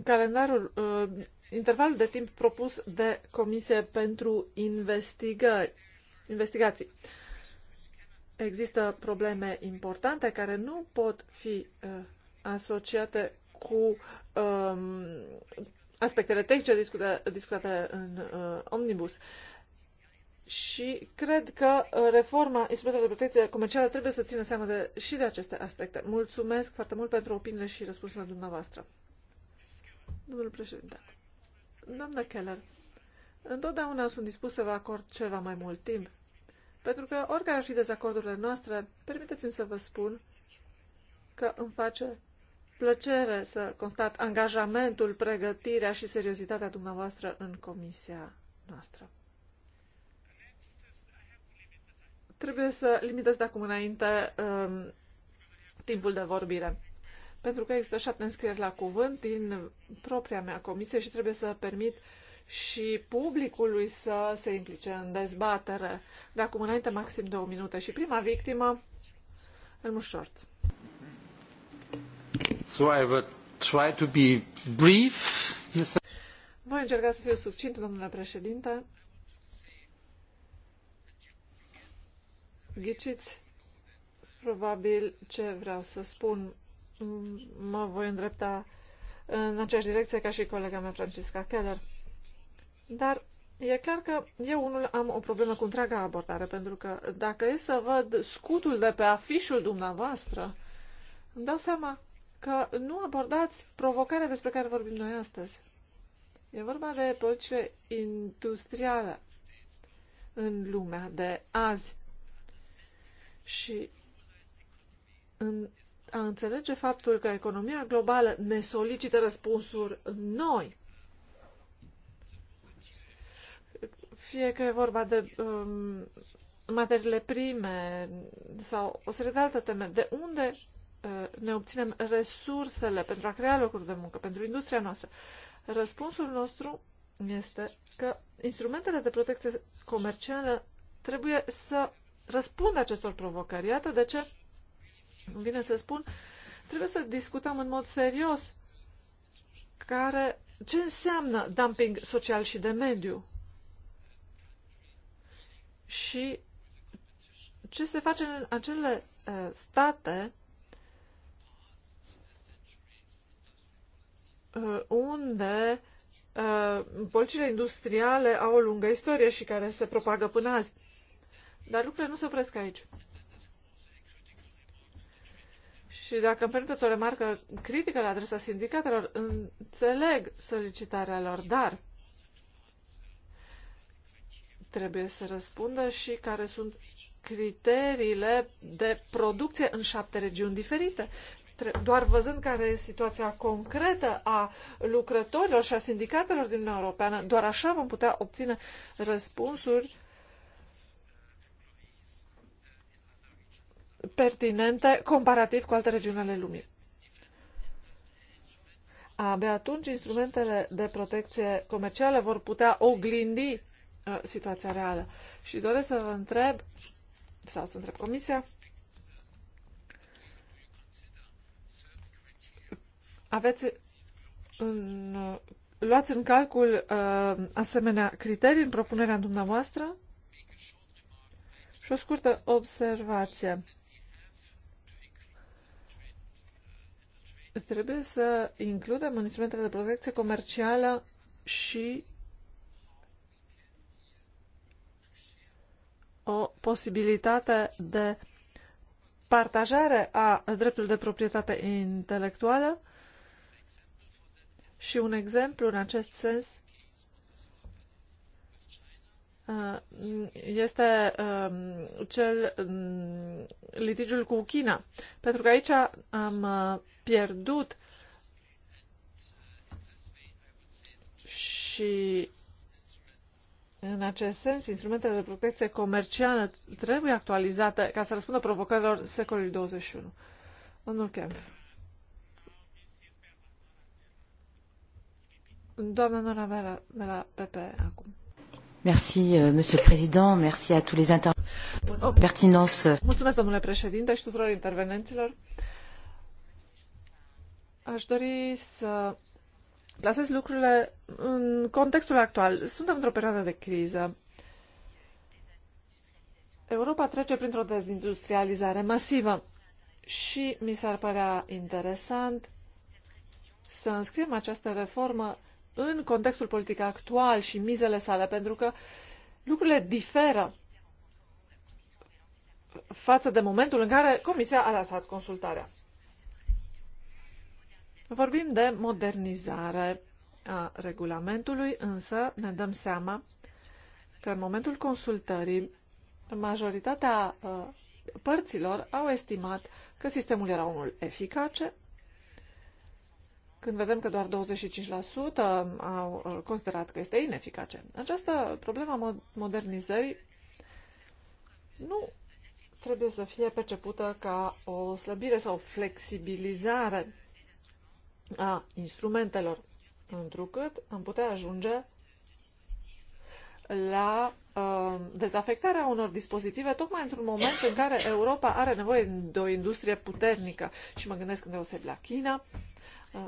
calendarul, uh, intervalul de timp propus de comisie pentru investigări, investigații. Există probleme importante care nu pot fi uh, asociate cu um, aspectele tehnice discutate, discutate în uh, omnibus. Și cred că uh, reforma instrumentelor de protecție comercială trebuie să țină seama de, și de aceste aspecte. Mulțumesc foarte mult pentru opiniile și răspunsurile dumneavoastră. Domnul președinte, doamna Keller, întotdeauna sunt dispus să vă acord ceva mai mult timp, pentru că oricare ar fi dezacordurile noastre, permiteți-mi să vă spun că îmi face plăcere să constat angajamentul, pregătirea și seriozitatea dumneavoastră în comisia noastră. Trebuie să limitez de acum înainte um, timpul de vorbire pentru că există șapte înscrieri la cuvânt din propria mea comisie și trebuie să permit și publicului să se implice în dezbatere. De acum înainte, maxim două minute. Și prima victimă, în Short. So I will try to be brief. Voi încerca să fiu succint, domnule președinte. Ghiciți probabil ce vreau să spun mă voi îndrepta în aceeași direcție ca și colega mea, Francisca Keller. Dar e clar că eu unul am o problemă cu întreaga abordare, pentru că dacă e să văd scutul de pe afișul dumneavoastră, îmi dau seama că nu abordați provocarea despre care vorbim noi astăzi. E vorba de politice industriale în lumea de azi. Și în a înțelege faptul că economia globală ne solicită răspunsuri noi. Fie că e vorba de um, materiile prime sau o serie de alte teme, de unde uh, ne obținem resursele pentru a crea locuri de muncă, pentru industria noastră. Răspunsul nostru este că instrumentele de protecție comercială trebuie să răspundă acestor provocări. Iată de ce îmi vine să spun, trebuie să discutăm în mod serios care, ce înseamnă dumping social și de mediu și ce se face în acele uh, state uh, unde uh, politicile industriale au o lungă istorie și care se propagă până azi. Dar lucrurile nu se opresc aici. Și dacă îmi permiteți o remarcă critică la adresa sindicatelor, înțeleg solicitarea lor, dar trebuie să răspundă și care sunt criteriile de producție în șapte regiuni diferite. Doar văzând care este situația concretă a lucrătorilor și a sindicatelor din Uniunea Europeană, doar așa vom putea obține răspunsuri pertinente comparativ cu alte regiuni ale lumii. Abia atunci instrumentele de protecție comercială vor putea oglindi uh, situația reală. Și doresc să vă întreb, sau să întreb Comisia, aveți în, uh, luați în calcul uh, asemenea criterii în propunerea dumneavoastră? Și o scurtă observație Trebuie să includem în instrumentele de protecție comercială și o posibilitate de partajare a dreptului de proprietate intelectuală și un exemplu în acest sens Uh, este um, cel um, litigiul cu China. Pentru că aici am uh, pierdut și în acest sens, instrumentele de protecție comercială trebuie actualizate ca să răspundă provocărilor secolului 21. Domnul Kemp. Doamna Nora Vera de la PP acum. Merci, euh, Monsieur le Président. Merci à tous les intervenants. Pertinence. Mulțumesc, domnule președinte, și tuturor intervenenților. Aș dori să plasez lucrurile în contextul actual. Suntem într-o perioadă de criză. Europa trece printr-o dezindustrializare masivă și mi s-ar părea interesant să înscriem această reformă în contextul politic actual și mizele sale, pentru că lucrurile diferă față de momentul în care Comisia a lansat consultarea. Vorbim de modernizare a regulamentului, însă ne dăm seama că în momentul consultării majoritatea uh, părților au estimat că sistemul era unul eficace, când vedem că doar 25% au uh, considerat că este ineficace. Această problemă modernizării nu trebuie să fie percepută ca o slăbire sau flexibilizare a instrumentelor, întrucât am putea ajunge la uh, dezafectarea unor dispozitive tocmai într-un moment în care Europa are nevoie de o industrie puternică. Și mă gândesc îndeosebi la China, uh,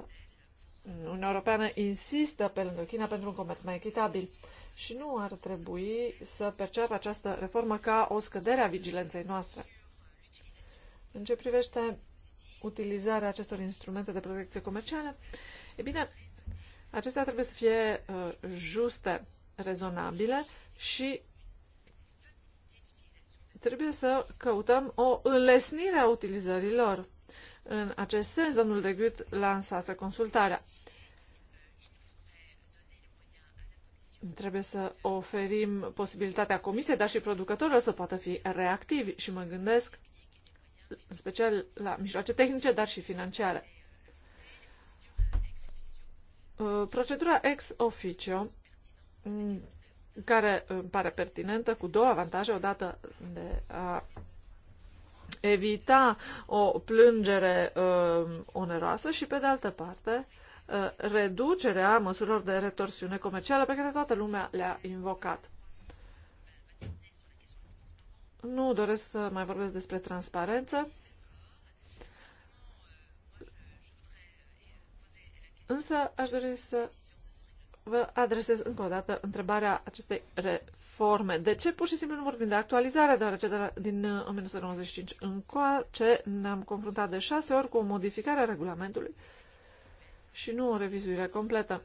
Uniunea Europeană insistă pe lângă China pentru un comerț mai echitabil și nu ar trebui să perceapă această reformă ca o scădere a vigilenței noastre. În ce privește utilizarea acestor instrumente de protecție comercială, e bine, acestea trebuie să fie uh, juste, rezonabile și trebuie să căutăm o înlesnire a utilizărilor. În acest sens, domnul de Gut lansase consultarea. Trebuie să oferim posibilitatea comisiei, dar și producătorilor să poată fi reactivi și mă gândesc în special la mijloace tehnice, dar și financiare. Uh, procedura ex officio, mm, care îmi pare pertinentă, cu două avantaje. Odată de a evita o plângere uh, oneroasă și, pe de altă parte, Uh, reducerea măsurilor de retorsiune comercială pe care toată lumea le-a invocat. Nu doresc să mai vorbesc despre transparență, însă aș dori să vă adresez încă o dată întrebarea acestei reforme. De ce pur și simplu nu vorbim de actualizare, deoarece de la, din 1995 uh, încoace ne-am confruntat de șase ori cu o modificare a regulamentului și nu o revizuire completă,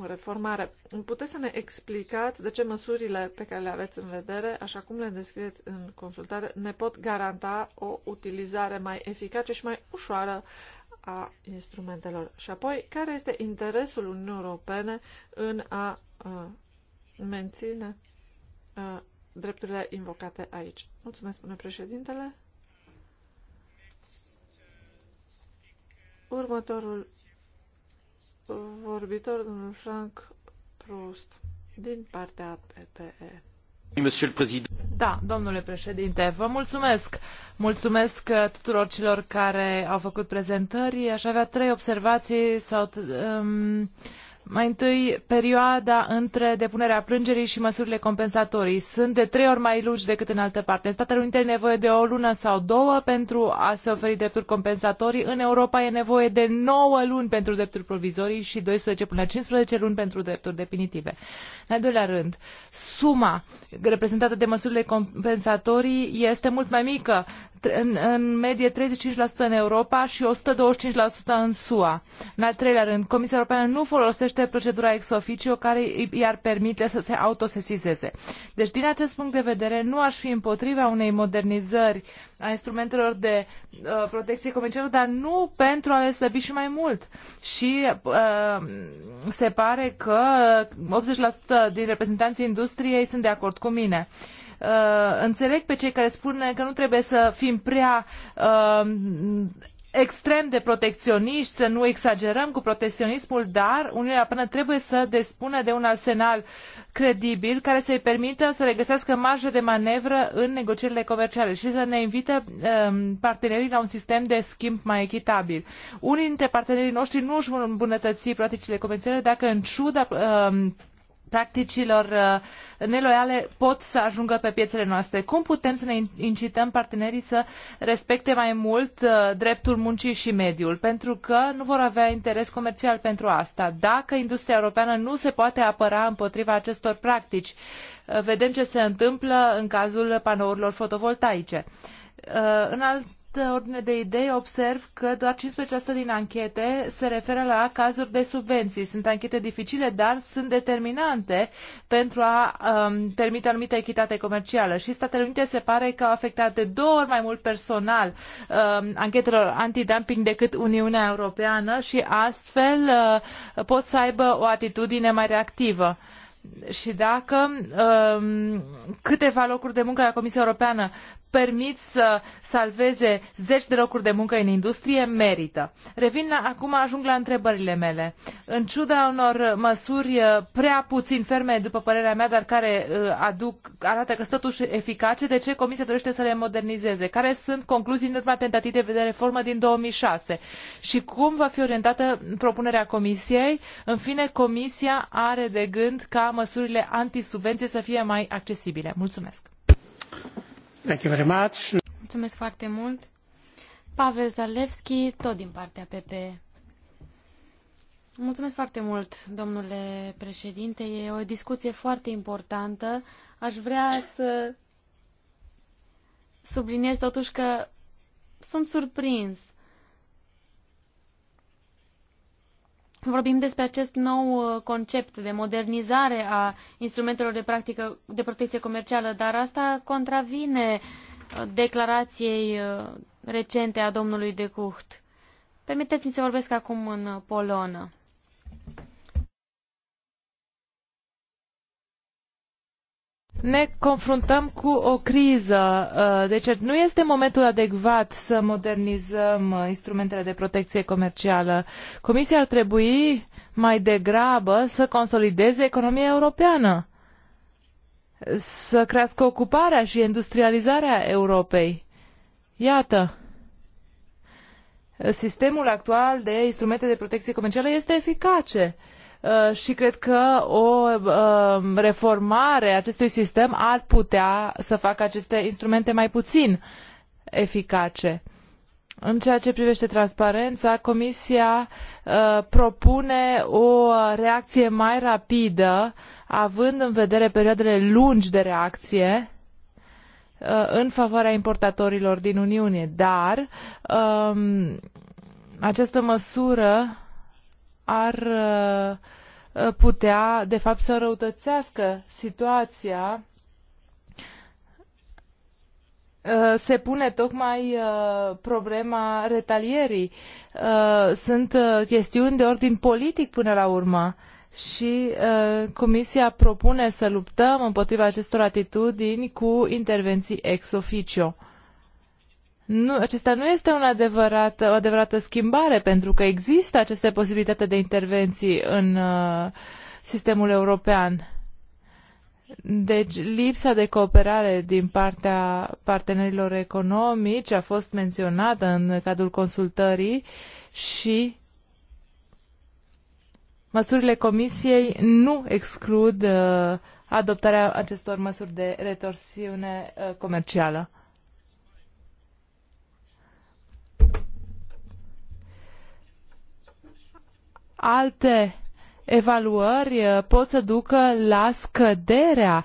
o reformare. Puteți să ne explicați de ce măsurile pe care le aveți în vedere, așa cum le descrieți în consultare, ne pot garanta o utilizare mai eficace și mai ușoară a instrumentelor? Și apoi, care este interesul Uniunii Europene în a, a menține a, drepturile invocate aici? Mulțumesc, spune președintele. Următorul vorbitor, domnul Frank Proust, din partea PPE. Da, domnule președinte, vă mulțumesc. Mulțumesc uh, tuturor celor care au făcut prezentări. Aș avea trei observații sau um, mai întâi, perioada între depunerea plângerii și măsurile compensatorii sunt de trei ori mai lungi decât în altă parte. În Statele Unite e nevoie de o lună sau două pentru a se oferi drepturi compensatorii. În Europa e nevoie de 9 luni pentru drepturi provizorii și 12 până la 15 luni pentru drepturi definitive. În al doilea rând, suma reprezentată de măsurile compensatorii este mult mai mică în, în medie 35% în Europa și 125% în SUA. În al treilea rând, Comisia Europeană nu folosește procedura ex officio care i-ar permite să se autosesizeze. Deci, din acest punct de vedere, nu aș fi împotriva unei modernizări a instrumentelor de uh, protecție comercială, dar nu pentru a le slăbi și mai mult. Și uh, se pare că 80% din reprezentanții industriei sunt de acord cu mine. Uh, Uh, înțeleg pe cei care spun că nu trebuie să fim prea uh, extrem de protecționiști, să nu exagerăm cu protecționismul, dar Uniunea Europeană trebuie să despună de un arsenal credibil care să-i permită să regăsească marjă de manevră în negocierile comerciale și să ne invite um, partenerii la un sistem de schimb mai echitabil. Unii dintre partenerii noștri nu își vor îmbunătăți practicile comerciale dacă în ciuda um, practicilor uh, neloiale pot să ajungă pe piețele noastre. Cum putem să ne incităm partenerii să respecte mai mult uh, dreptul muncii și mediul? Pentru că nu vor avea interes comercial pentru asta. Dacă industria europeană nu se poate apăra împotriva acestor practici, uh, vedem ce se întâmplă în cazul panourilor fotovoltaice. În alt Uh, ordine de idei observ că doar 15% din anchete se referă la cazuri de subvenții. Sunt anchete dificile, dar sunt determinante pentru a um, permite anumită echitate comercială. Și Statele Unite se pare că au afectat de două ori mai mult personal um, anchetelor antidumping decât Uniunea Europeană și astfel uh, pot să aibă o atitudine mai reactivă și dacă um, câteva locuri de muncă la Comisia Europeană permit să salveze zeci de locuri de muncă în industrie, merită. Revin la, acum, ajung la întrebările mele. În ciuda unor măsuri uh, prea puțin ferme, după părerea mea, dar care uh, aduc, arată că sunt totuși eficace, de ce Comisia dorește să le modernizeze? Care sunt concluzii în urma tentativei de reformă din 2006? Și cum va fi orientată propunerea Comisiei? În fine, Comisia are de gând ca măsurile antisubvenție să fie mai accesibile. Mulțumesc! Thank Mulțumesc foarte mult. Pavel Zalewski, tot din partea PPE. Mulțumesc foarte mult, domnule președinte. E o discuție foarte importantă. Aș vrea să subliniez totuși că sunt surprins Vorbim despre acest nou uh, concept de modernizare a instrumentelor de, practică, de protecție comercială, dar asta contravine uh, declarației uh, recente a domnului de Cucht. Permiteți-mi să vorbesc acum în polonă. ne confruntăm cu o criză. Uh, deci nu este momentul adecvat să modernizăm uh, instrumentele de protecție comercială. Comisia ar trebui mai degrabă să consolideze economia europeană, să crească ocuparea și industrializarea Europei. Iată, sistemul actual de instrumente de protecție comercială este eficace. Uh, Uh, și cred că o uh, reformare a acestui sistem ar putea să facă aceste instrumente mai puțin eficace. În ceea ce privește transparența, Comisia uh, propune o reacție mai rapidă, având în vedere perioadele lungi de reacție în favoarea importatorilor din Uniune. Dar um, această măsură ar uh, putea, de fapt, să răutățească situația uh, se pune tocmai uh, problema retalierii. Sunt chestiuni de ordin politic până la urmă și Comisia propune să luptăm împotriva acestor atitudini cu intervenții ex officio nu, acesta nu este un adevărat, o adevărată schimbare, pentru că există aceste posibilitate de intervenții în uh, sistemul european. Deci, lipsa de cooperare din partea partenerilor economici a fost menționată în cadrul consultării și măsurile Comisiei nu exclud uh, adoptarea acestor măsuri de retorsiune uh, comercială. alte evaluări uh, pot să ducă la scăderea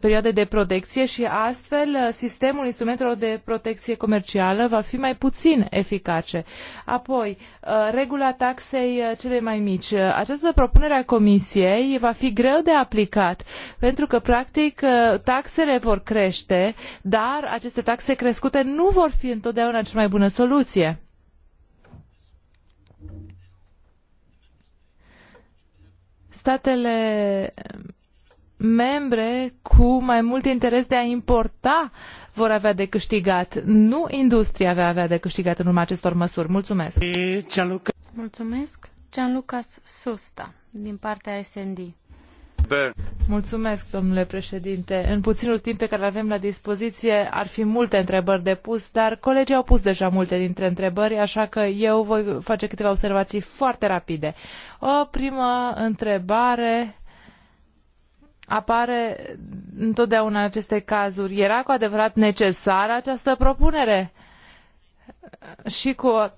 perioadei de protecție și astfel uh, sistemul instrumentelor de protecție comercială va fi mai puțin eficace. Apoi, uh, regula taxei cele mai mici. Această propunere a Comisiei va fi greu de aplicat pentru că, practic, taxele vor crește, dar aceste taxe crescute nu vor fi întotdeauna cea mai bună soluție statele membre cu mai mult interes de a importa vor avea de câștigat. Nu industria va avea de câștigat în urma acestor măsuri. Mulțumesc! Mulțumesc! Gianluca Susta, din partea SND. Mulțumesc, domnule președinte. În puținul timp pe care avem la dispoziție ar fi multe întrebări de pus, dar colegii au pus deja multe dintre întrebări, așa că eu voi face câteva observații foarte rapide. O primă întrebare apare întotdeauna în aceste cazuri. Era cu adevărat necesară această propunere? Și cu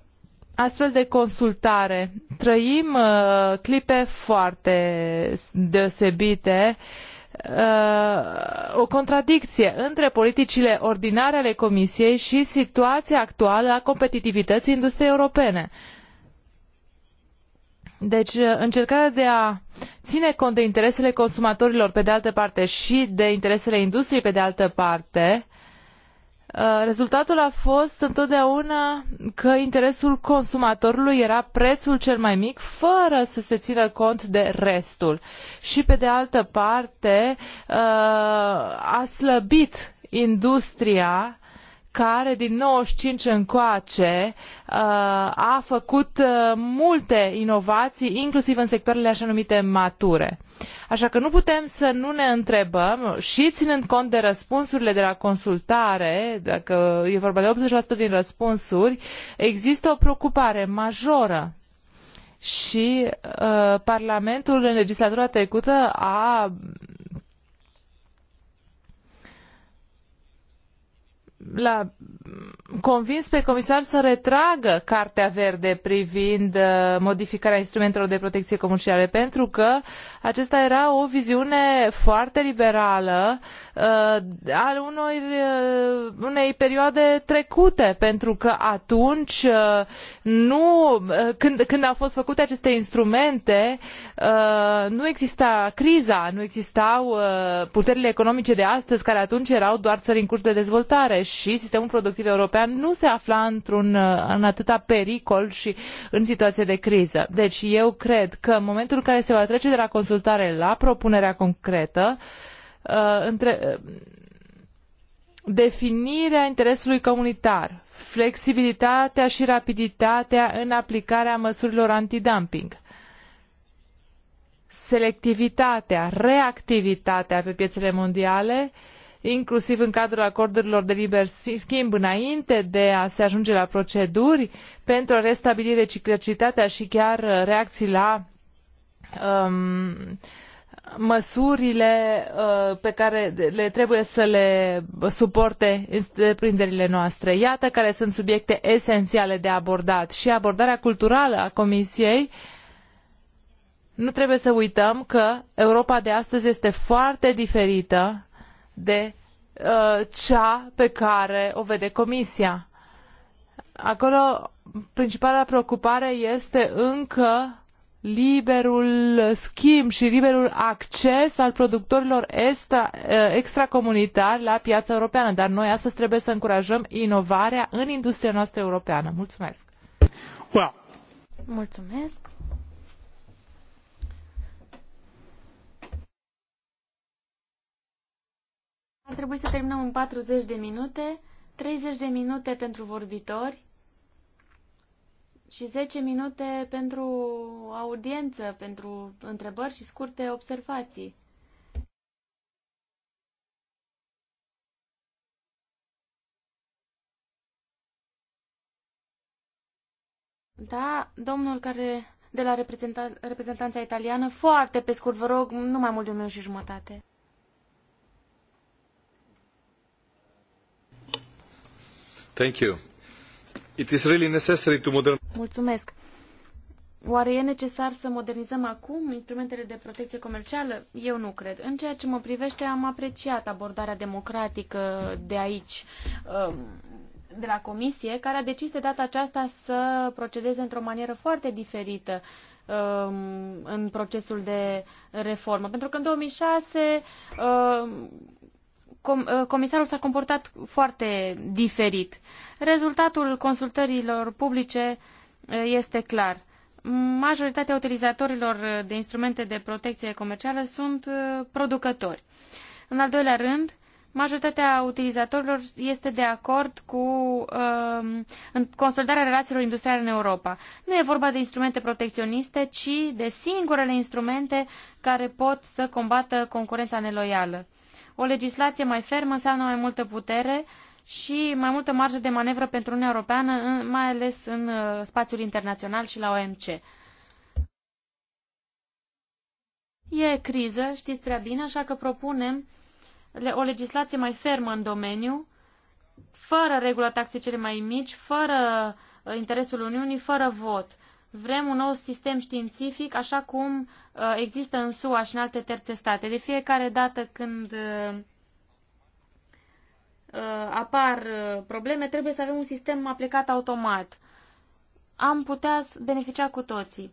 astfel de consultare. Trăim uh, clipe foarte deosebite, uh, o contradicție între politicile ordinare ale Comisiei și situația actuală a competitivității industriei europene. Deci, uh, încercarea de a ține cont de interesele consumatorilor pe de altă parte și de interesele industriei pe de altă parte uh, Uh, rezultatul a fost întotdeauna că interesul consumatorului era prețul cel mai mic, fără să se țină cont de restul. Și, pe de altă parte, uh, a slăbit industria care din 95 încoace uh, a făcut uh, multe inovații, inclusiv în sectoarele așa numite mature. Așa că nu putem să nu ne întrebăm și ținând cont de răspunsurile de la consultare, dacă e vorba de 80% din răspunsuri, există o preocupare majoră și uh, Parlamentul în legislatura trecută a l-a convins pe comisar să retragă Cartea Verde privind uh, modificarea instrumentelor de protecție comercială, pentru că acesta era o viziune foarte liberală Uh, al unor, uh, unei perioade trecute, pentru că atunci uh, nu, când, când au fost făcute aceste instrumente, nu exista criza, nu existau puterile economice de astăzi, care atunci erau doar țări în curs de dezvoltare și sistemul productiv european nu se afla într-un în atâta pericol și în situație de criză. Deci eu cred că în momentul în care se va trece de la consultare la propunerea concretă, uh, Uh, între, uh, definirea interesului comunitar, flexibilitatea și rapiditatea în aplicarea măsurilor antidumping, selectivitatea, reactivitatea pe piețele mondiale, inclusiv în cadrul acordurilor de liber schimb înainte de a se ajunge la proceduri pentru a restabili reciprocitatea și chiar reacții la um, măsurile uh, pe care le trebuie să le suporte întreprinderile noastre. Iată care sunt subiecte esențiale de abordat și abordarea culturală a Comisiei nu trebuie să uităm că Europa de astăzi este foarte diferită de uh, cea pe care o vede Comisia. Acolo, principala preocupare este încă liberul schimb și liberul acces al productorilor extra, eh, extracomunitari la piața europeană. Dar noi astăzi trebuie să încurajăm inovarea în industria noastră europeană. Mulțumesc! Wow. Mulțumesc! Ar trebui să terminăm în 40 de minute, 30 de minute pentru vorbitori, și 10 minute pentru audiență, pentru întrebări și scurte observații. Da, domnul care de la reprezentan reprezentanța italiană, foarte pe scurt, vă rog, nu mai mult de un minut și jumătate. Thank you. It is really necessary to modern... Mulțumesc. Oare e necesar să modernizăm acum instrumentele de protecție comercială? Eu nu cred. În ceea ce mă privește, am apreciat abordarea democratică de aici, um, de la Comisie, care a decis de data aceasta să procedeze într-o manieră foarte diferită um, în procesul de reformă. Pentru că în 2006 um, uh, comisarul s-a comportat foarte diferit. Rezultatul consultărilor publice este clar. Majoritatea utilizatorilor de instrumente de protecție comercială sunt uh, producători. În al doilea rând, majoritatea utilizatorilor este de acord cu um, consolidarea relațiilor industriale în Europa. Nu e vorba de instrumente protecționiste, ci de singurele instrumente care pot să combată concurența neloială. O legislație mai fermă înseamnă mai multă putere, uh, și mai multă marjă de manevră pentru Uniunea Europeană, mai ales în uh, spațiul internațional și la OMC. E criză, știți prea bine, așa că propunem o legislație mai fermă în domeniu, fără regula taxe cele mai mici, fără uh, interesul Uniunii, fără vot. Vrem un nou sistem științific, așa cum uh, există în SUA și în alte terțe state. De fiecare dată când Uh, apar uh, probleme, trebuie să avem un sistem aplicat automat. Am putea beneficia cu toții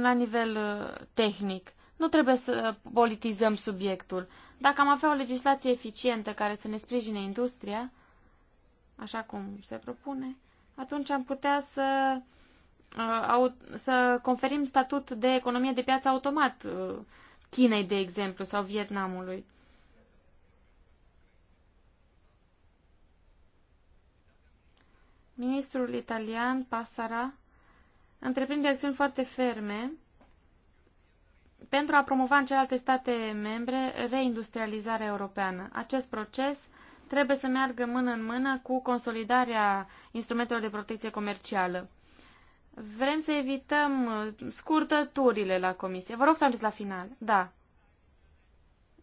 la nivel uh, tehnic. Nu trebuie să politizăm subiectul. Dacă am avea o legislație eficientă care să ne sprijine industria, așa cum se propune, atunci am putea să, să conferim statut de economie de piață automat Chinei, de exemplu, sau Vietnamului. ministrul italian, Passara, întreprinde acțiuni foarte ferme pentru a promova în celelalte state membre reindustrializarea europeană. Acest proces trebuie să meargă mână în mână cu consolidarea instrumentelor de protecție comercială. Vrem să evităm uh, scurtăturile la comisie. Vă rog să ajungeți la final. Da.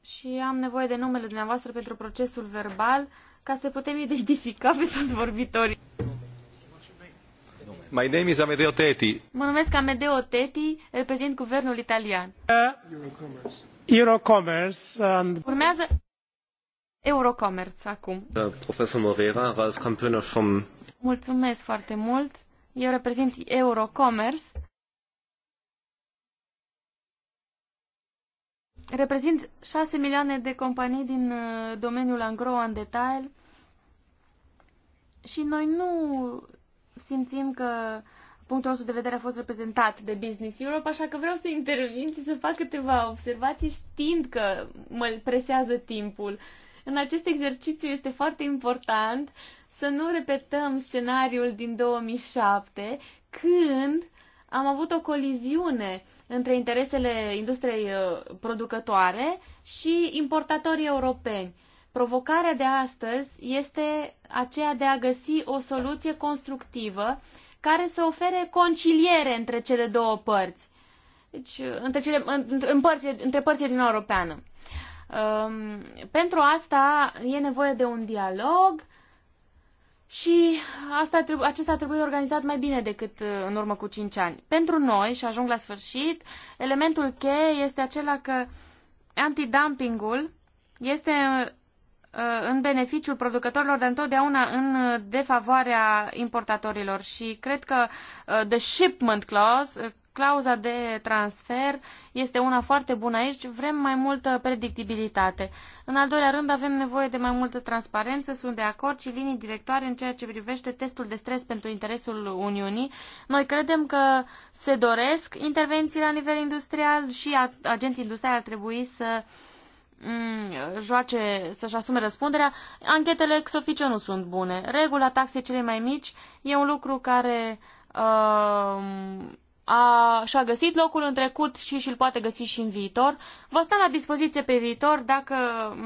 Și am nevoie de numele dumneavoastră pentru procesul verbal ca să putem [LAUGHS] identifica pe toți vorbitorii. My name is Amedeo Teti. Mă numesc Amedeo Teti, reprezint guvernul italian. Eurocommerce. Eurocommerce and... Urmează Eurocommerce acum. Uh, profesor Moreira, Ralf Campione from... Mulțumesc foarte mult. Eu reprezint Eurocommerce. Reprezint 6 milioane de companii din uh, domeniul angro în detail și noi nu simțim că punctul nostru de vedere a fost reprezentat de Business Europe, așa că vreau să intervin și să fac câteva observații știind că mă presează timpul. În acest exercițiu este foarte important să nu repetăm scenariul din 2007, când am avut o coliziune între interesele industriei uh, producătoare și importatorii europeni. Provocarea de astăzi este aceea de a găsi o soluție constructivă care să ofere conciliere între cele două părți, deci, între, cele, între, în părți, între părțile din Europeană. Um, pentru asta e nevoie de un dialog și asta trebu- acesta trebuie organizat mai bine decât uh, în urmă cu 5 ani. Pentru noi, și ajung la sfârșit, elementul cheie este acela că antidumpingul este uh, în beneficiul producătorilor, dar întotdeauna în defavoarea importatorilor. Și cred că uh, the shipment clause, uh, clauza de transfer, este una foarte bună aici. Vrem mai multă predictibilitate. În al doilea rând, avem nevoie de mai multă transparență, sunt de acord și linii directoare în ceea ce privește testul de stres pentru interesul Uniunii. Noi credem că se doresc intervenții la nivel industrial și agenții industriali ar trebui să uh, Mm, joace, să-și asume răspunderea, anchetele ex officio nu sunt bune. Regula taxei cele mai mici e un lucru care uh, a, și-a găsit locul în trecut și și-l poate găsi și în viitor. Vă sta la dispoziție pe viitor dacă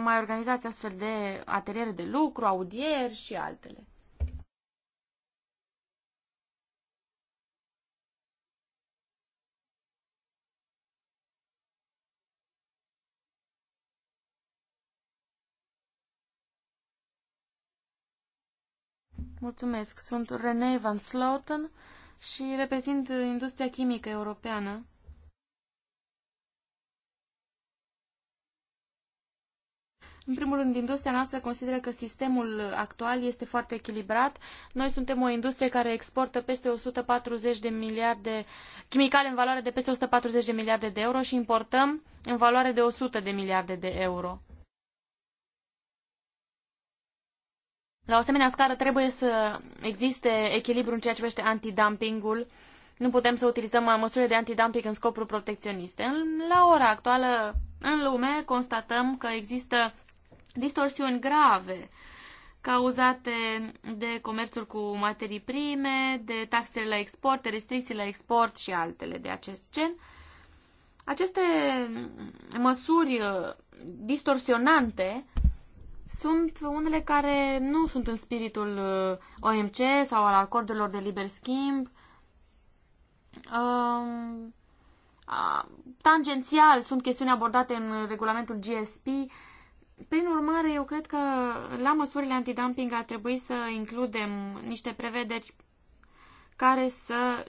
mai organizați astfel de ateliere de lucru, audieri și altele. Mulțumesc. Sunt René Van Sloten și reprezint industria chimică europeană. În primul rând, industria noastră consideră că sistemul actual este foarte echilibrat. Noi suntem o industrie care exportă peste 140 de miliarde chimicale în valoare de peste 140 de miliarde de euro și importăm în valoare de 100 de miliarde de euro. La o asemenea scară trebuie să existe echilibru în ceea ce privește antidumpingul. Nu putem să utilizăm măsurile de antidumping în scopuri protecționiste. La ora actuală, în lume, constatăm că există distorsiuni grave cauzate de comerțul cu materii prime, de taxele la export, de restricții la export și altele de acest gen. Aceste măsuri distorsionante sunt unele care nu sunt în spiritul uh, OMC sau al acordurilor de liber schimb. Um, a, tangențial sunt chestiuni abordate în regulamentul GSP. Prin urmare, eu cred că la măsurile antidumping ar trebui să includem niște prevederi care să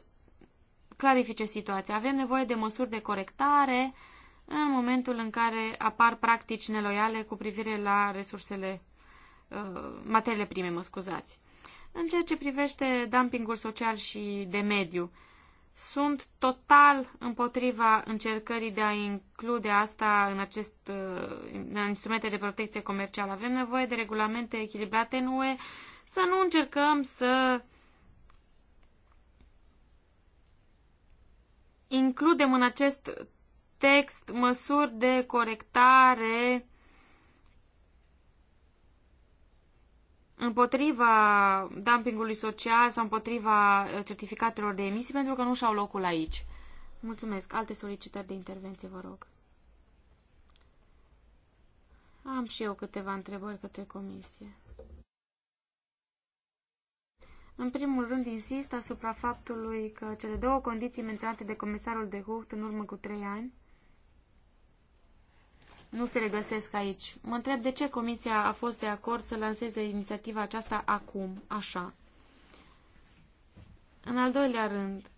clarifice situația. Avem nevoie de măsuri de corectare, uh, în momentul în care apar practici neloiale cu privire la resursele, uh, materiile prime, mă scuzați. În ceea ce privește dumpingul social și de mediu, sunt total împotriva încercării de a include asta în, acest, uh, în instrumente de protecție comercială. Avem nevoie de regulamente echilibrate în UE, să nu încercăm să includem în acest text măsuri de corectare împotriva dumpingului social sau împotriva uh, certificatelor de emisii pentru că nu și-au locul aici. Mulțumesc. Alte solicitări de intervenție, vă rog. Am și eu câteva întrebări către comisie. În primul rând, insist asupra faptului că cele două condiții menționate de comisarul de Hucht în urmă cu trei ani nu se regăsesc aici. Mă întreb de ce Comisia a fost de acord să lanseze inițiativa aceasta acum, așa. În al doilea rând,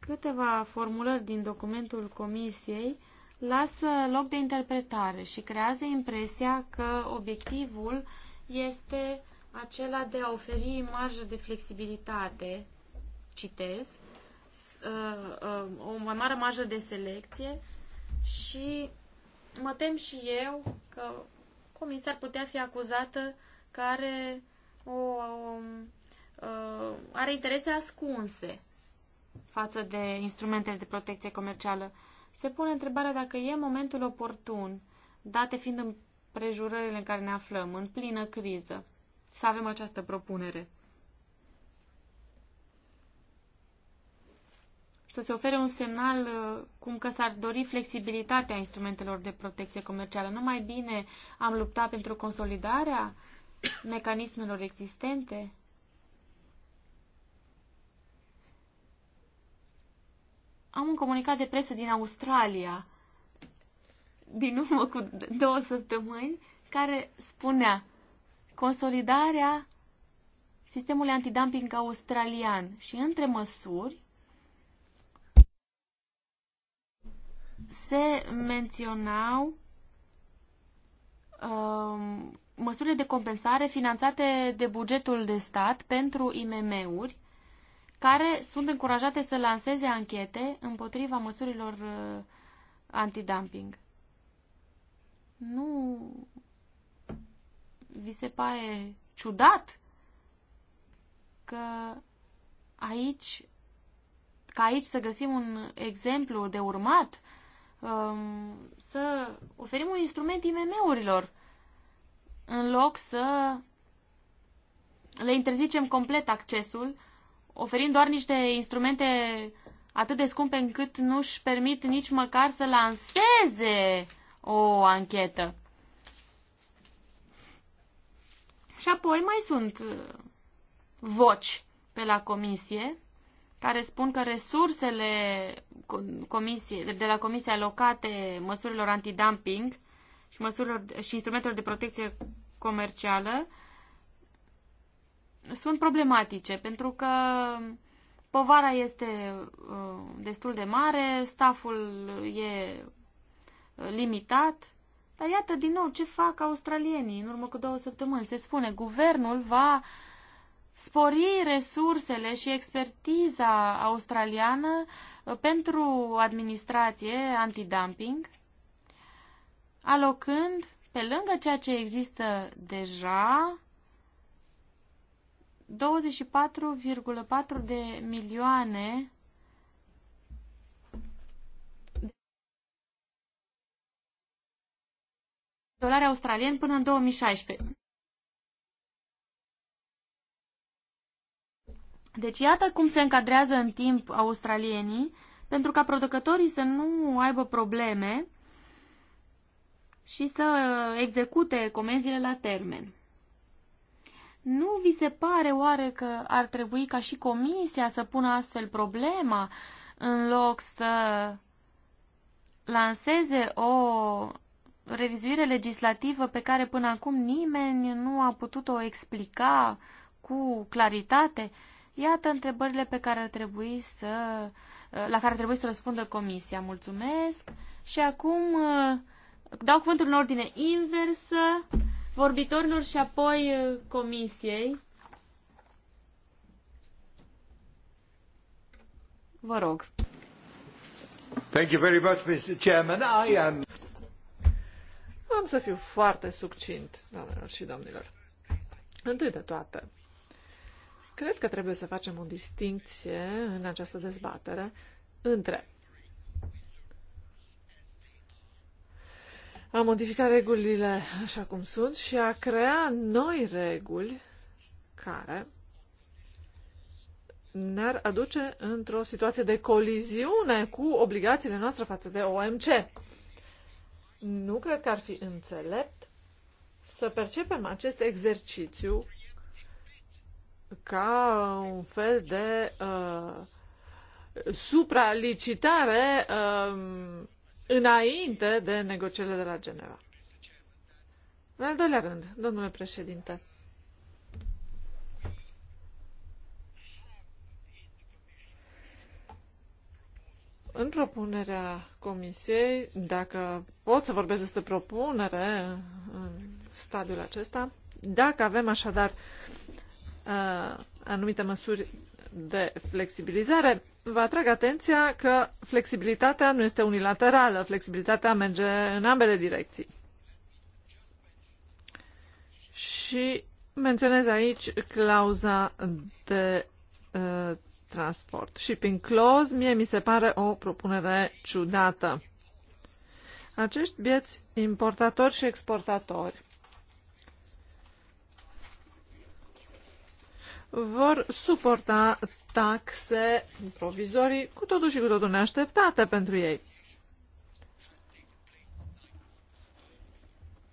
câteva formulări din documentul Comisiei lasă loc de interpretare și creează impresia că obiectivul este acela de a oferi marjă de flexibilitate, citez, uh, uh, o mai mare marjă de selecție și Mă tem și eu că comisar putea fi acuzată că are, o, o, um, uh, are interese ascunse față de instrumentele de protecție comercială. Se pune întrebarea dacă e momentul oportun, date fiind în prejurările în care ne aflăm, în plină criză, să avem această propunere. să se ofere un semnal uh, cum că s-ar dori flexibilitatea instrumentelor de protecție comercială. Nu mai bine am luptat pentru consolidarea mecanismelor existente? Am un comunicat de presă din Australia din urmă cu două săptămâni care spunea consolidarea sistemului antidumping australian și între măsuri se menționau um, măsurile de compensare finanțate de bugetul de stat pentru IMM-uri, care sunt încurajate să lanseze anchete împotriva măsurilor uh, antidumping. Nu vi se pare ciudat că aici, că aici să găsim un exemplu de urmat um, să oferim un instrument IMM-urilor în loc să le interzicem complet accesul, oferind doar niște instrumente atât de scumpe încât nu-și permit nici măcar să lanseze o anchetă. Și apoi mai sunt uh, voci pe la comisie care spun că resursele comisie, de la comisie alocate măsurilor antidumping și, măsurilor, și instrumentelor de protecție comercială sunt problematice, pentru că povara este uh, destul de mare, staful e uh, limitat, dar iată din nou ce fac australienii în urmă cu două săptămâni. Se spune, guvernul va uh, spori resursele și expertiza australiană uh, pentru administrație antidumping, alocând, pe lângă ceea ce există deja, 24,4 de milioane dolari australieni până în 2016. Deci iată cum se încadrează în timp australienii pentru ca producătorii să nu aibă probleme și să execute comenzile la termen. Nu vi se pare oare că ar trebui ca și comisia să pună astfel problema în loc să lanseze o revizuire legislativă pe care până acum nimeni nu a putut o explica cu claritate? Iată întrebările pe care ar trebui să, eh, la care ar trebui să răspundă comisia. Mulțumesc. Și acum eh, dau cuvântul în ordine inversă vorbitorilor și apoi eh, comisiei. Vă rog. Thank you very much, Mr. Chairman. I am... Am să fiu foarte succint, doamnelor și domnilor. Întâi de toate, Cred că trebuie să facem o distinție în această dezbatere între a modifica regulile așa cum sunt și a crea noi reguli care ne-ar aduce într-o situație de coliziune cu obligațiile noastre față de OMC. Nu cred că ar fi înțelept să percepem acest exercițiu ca un fel de uh, supralicitare uh, înainte de negocierile de la Geneva. În al doilea rând, domnule președinte, în propunerea comisiei, dacă pot să vorbesc despre propunere în stadiul acesta, dacă avem așadar Uh, anumite măsuri de flexibilizare, vă atrag atenția că flexibilitatea nu este unilaterală, flexibilitatea merge în ambele direcții. Și menționez aici clauza de uh, transport. Shipping clause, mie mi se pare o propunere ciudată. Acești bieți importatori și exportatori vor suporta taxe provizorii cu totul și cu totul neașteptate pentru ei.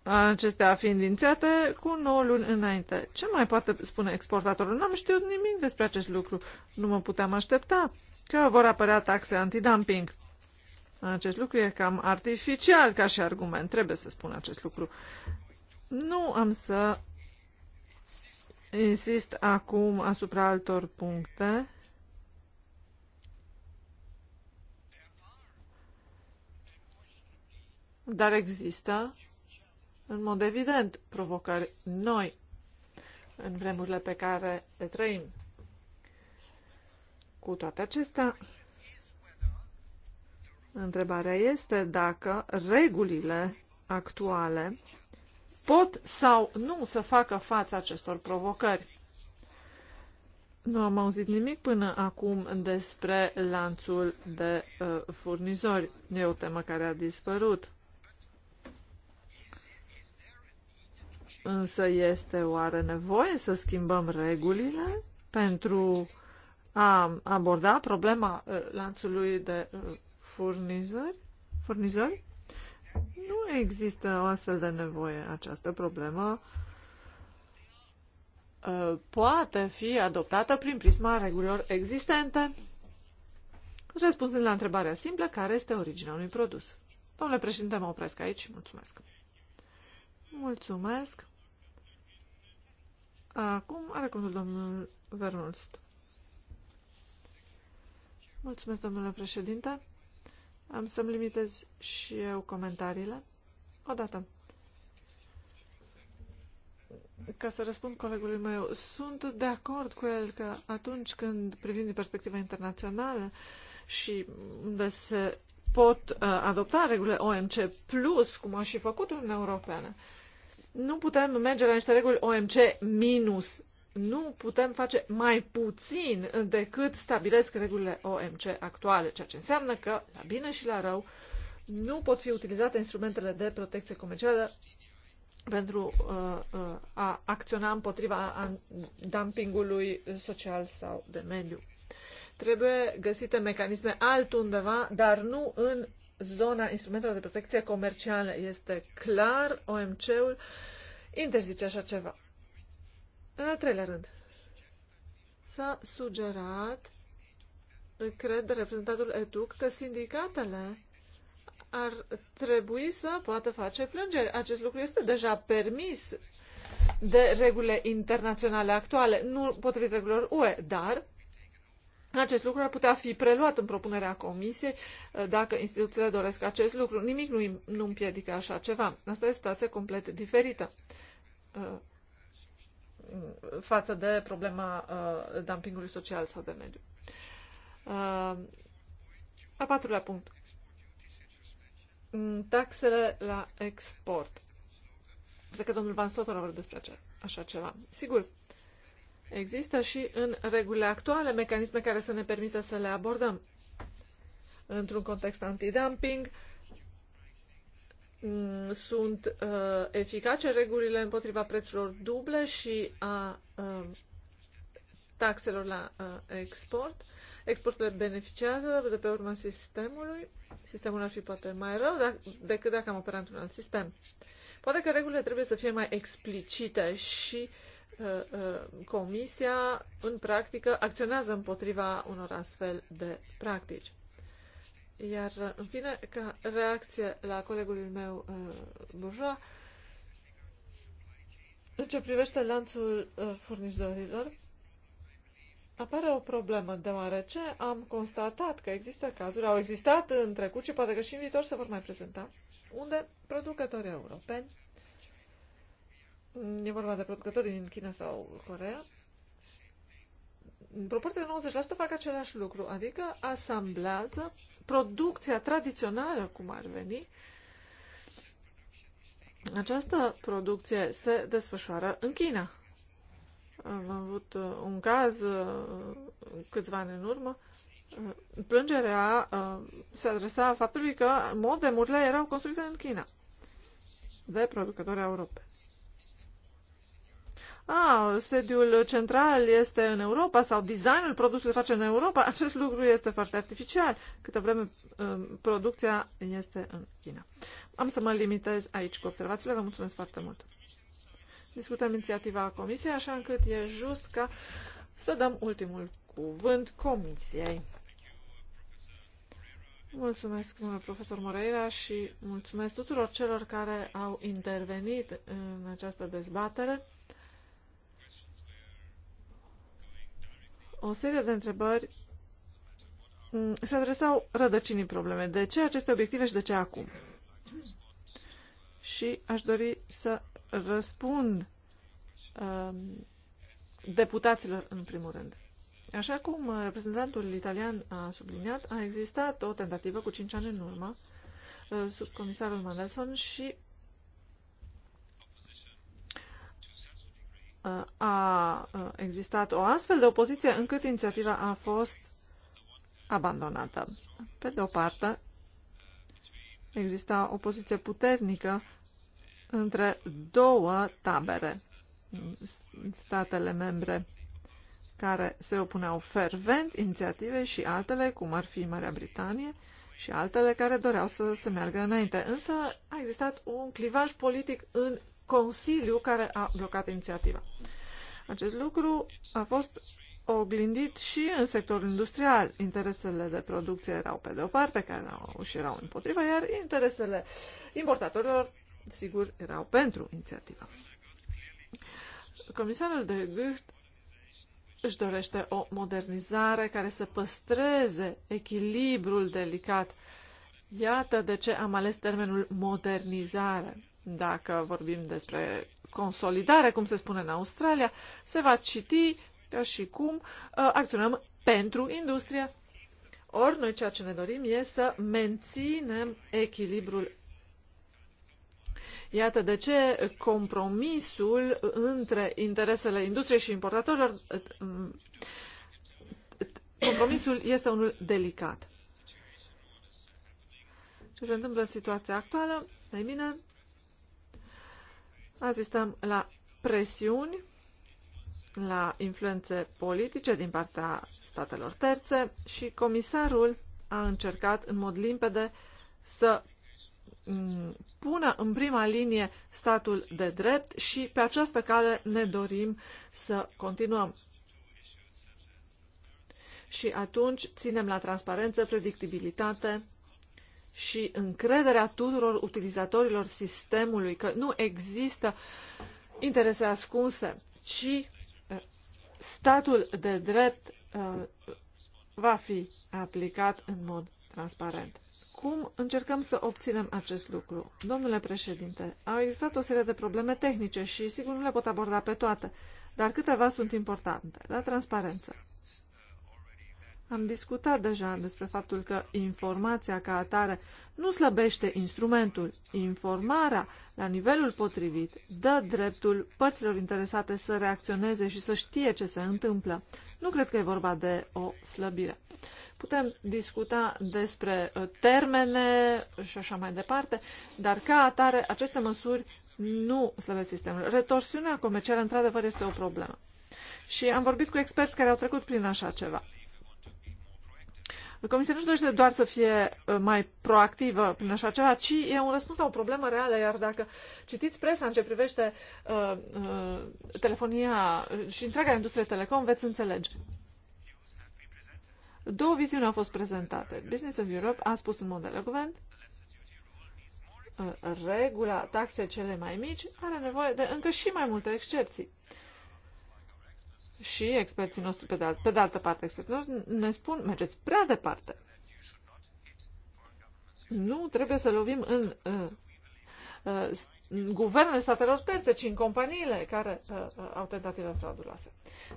Acestea fiind inițiate cu 9 luni înainte. Ce mai poate spune exportatorul? N-am știut nimic despre acest lucru. Nu mă puteam aștepta că vor apărea taxe antidumping. Acest lucru e cam artificial ca și argument. Trebuie să spun acest lucru. Nu am să Insist acum asupra altor puncte. Dar există, în mod evident, provocări noi în vremurile pe care le trăim. Cu toate acestea, întrebarea este dacă regulile actuale pot sau nu să facă față acestor provocări. Nu am auzit nimic până acum despre lanțul de uh, furnizori. E o temă care a dispărut. Însă este oare nevoie să schimbăm regulile pentru a aborda problema uh, lanțului de uh, furnizori? furnizori? Nu există o astfel de nevoie. Această problemă uh, poate fi adoptată prin prisma regulilor existente, Răspunsând la întrebarea simplă care este originea unui produs. Domnule președinte, mă opresc aici. Mulțumesc. Mulțumesc. Acum are cuvântul domnul Vernulst. Mulțumesc, domnule președinte. Am să-mi limitez și eu comentariile. Odată. Ca să răspund colegului meu, sunt de acord cu el că atunci când privim din perspectiva internațională și unde se pot uh, adopta regulile OMC plus, cum a și făcut Uniunea Europeană, nu putem merge la niște reguli OMC minus nu putem face mai puțin decât stabilesc regulile OMC actuale, ceea ce înseamnă că, la bine și la rău, nu pot fi utilizate instrumentele de protecție comercială pentru uh, uh, a acționa împotriva dumpingului social sau de mediu. Trebuie găsite mecanisme altundeva, dar nu în zona instrumentelor de protecție comercială. Este clar, OMC-ul interzice așa ceva. În al treilea rând, s-a sugerat, cred, reprezentantul EDUC, că sindicatele ar trebui să poată face plângeri. Acest lucru este deja permis de regulile internaționale actuale, nu potrivit regulilor UE, dar acest lucru ar putea fi preluat în propunerea comisiei uh, dacă instituțiile doresc acest lucru. Nimic nu, nu împiedică așa ceva. Asta e o situație complet diferită. Uh, față de problema uh, dumpingului social sau de mediu. Uh, a patrulea punct. Mm, taxele la export. Cred că domnul Van Sotor a vorbit despre acea, așa ceva. Sigur, există și în regulile actuale mecanisme care să ne permită să le abordăm într-un context antidumping, uh, Mm, sunt uh, eficace regulile împotriva prețurilor duble și a uh, taxelor la uh, export. Exporturile beneficiază de pe urma sistemului. Sistemul ar fi poate mai rău dac- decât dacă am opera într-un alt sistem. Poate că regulile trebuie să fie mai explicite și uh, uh, Comisia, în practică, acționează împotriva unor astfel de practici. Iar, în fine, ca reacție la colegul meu, uh, Burjoa, în ce privește lanțul uh, furnizorilor, apare o problemă, deoarece am constatat că există cazuri, au existat în trecut și poate că și în viitor se vor mai prezenta, unde producătorii europeni, e vorba de producători din China sau Corea, în proporție de 90% fac același lucru, adică asamblează producția tradițională, cum ar veni, această producție se desfășoară în China. Am avut uh, un caz uh, câțiva ani în urmă. Uh, plângerea se adresa faptului că modemurile erau construite în China de producători europeni a, sediul central este în Europa sau designul produsului se face în Europa, [LAUGHS] acest lucru este foarte artificial, câtă vreme ă, producția este în China. Am să mă limitez aici cu observațiile, vă mulțumesc foarte mult. Discutăm inițiativa Comisiei, așa încât e just ca să dăm ultimul cuvânt Comisiei. Mulțumesc, profesor Moreira, și mulțumesc tuturor celor care au intervenit în această dezbatere. o serie de întrebări mm, se adresau rădăcinii probleme. De ce aceste obiective și de ce acum? Și aș dori să răspund um, deputaților, în primul rând. Așa cum uh, reprezentantul italian a subliniat, a existat o tentativă cu cinci ani în urmă, uh, sub comisarul Mandelson și a existat o astfel de opoziție încât inițiativa a fost abandonată. Pe de o parte, exista o poziție puternică între două tabere. Statele membre care se opuneau fervent inițiative și altele, cum ar fi Marea Britanie, și altele care doreau să se meargă înainte. Însă a existat un clivaj politic în Consiliu care a blocat inițiativa. Acest lucru a fost oglindit și în sectorul industrial. Interesele de producție erau pe de o parte, care erau și erau împotriva, iar interesele importatorilor, sigur, erau pentru inițiativa. Comisarul de Gucht își dorește o modernizare care să păstreze echilibrul delicat. Iată de ce am ales termenul modernizare. Dacă vorbim despre consolidare, cum se spune în Australia, se va citi ca și cum uh, acționăm pentru industrie. Ori noi ceea ce ne dorim e să menținem echilibrul Iată de ce compromisul între interesele industriei și importatorilor, uh, compromisul este unul delicat. Ce se întâmplă în situația actuală? Mai bine, Asistăm la presiuni, la influențe politice din partea statelor terțe și comisarul a încercat în mod limpede să mm, pună în prima linie statul de drept și pe această cale ne dorim să continuăm. Și atunci ținem la transparență, predictibilitate și încrederea tuturor utilizatorilor sistemului că nu există interese ascunse, ci eh, statul de drept eh, va fi aplicat în mod transparent. Cum încercăm să obținem acest lucru? Domnule președinte, au existat o serie de probleme tehnice și sigur nu le pot aborda pe toate, dar câteva sunt importante. La transparență. Am discutat deja despre faptul că informația ca atare nu slăbește instrumentul. Informarea, la nivelul potrivit, dă dreptul părților interesate să reacționeze și să știe ce se întâmplă. Nu cred că e vorba de o slăbire. Putem discuta despre uh, termene și așa mai departe, dar ca atare aceste măsuri nu slăbesc sistemul. Retorsiunea comercială, într-adevăr, este o problemă. Și am vorbit cu experți care au trecut prin așa ceva. Comisia nu își dorește doar să fie uh, mai proactivă prin așa ceva, ci e un răspuns la o problemă reală, iar dacă citiți presa în ce privește uh, uh, telefonia uh, și întreaga industrie telecom, veți înțelege. Două viziuni au fost prezentate. Business of Europe a spus în mod elegant uh, regula taxei cele mai mici are nevoie de încă și mai multe excepții și experții noștri, pe de, pe de altă parte, experții noștri ne spun, mergeți prea departe. Nu trebuie să lovim în uh, uh, guvernele statelor terțe, ci în companiile care uh, uh, au tentative frauduloase.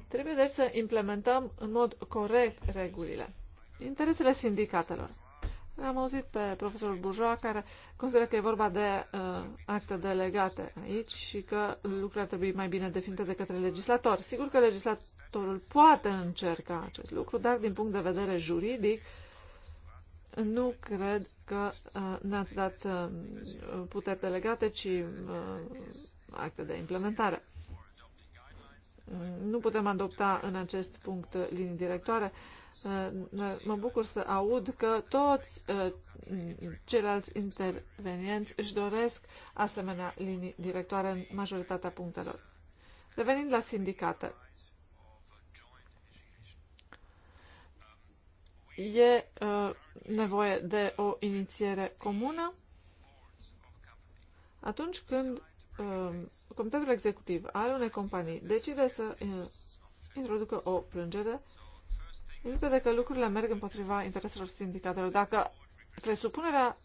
Trebuie deci să implementăm în mod corect regulile. Interesele sindicatelor. Am auzit pe profesorul Bujoa care consideră că e vorba de uh, acte delegate aici și că lucrurile ar trebui mai bine definite de către legislator. Sigur că legislatorul poate încerca acest lucru, dar din punct de vedere juridic nu cred că uh, ne-ați dat uh, puteri delegate, ci uh, acte de implementare. Nu putem adopta în acest punct linii directoare. Mă bucur să aud că toți uh, ceilalți intervenienți își doresc asemenea linii directoare în majoritatea punctelor. Revenind la sindicate. E uh, nevoie de o inițiere comună atunci când Um, comitetul executiv al unei companii decide să uh, introducă o plângere, e limpede că lucrurile merg împotriva intereselor sindicatelor. Dacă presupunerea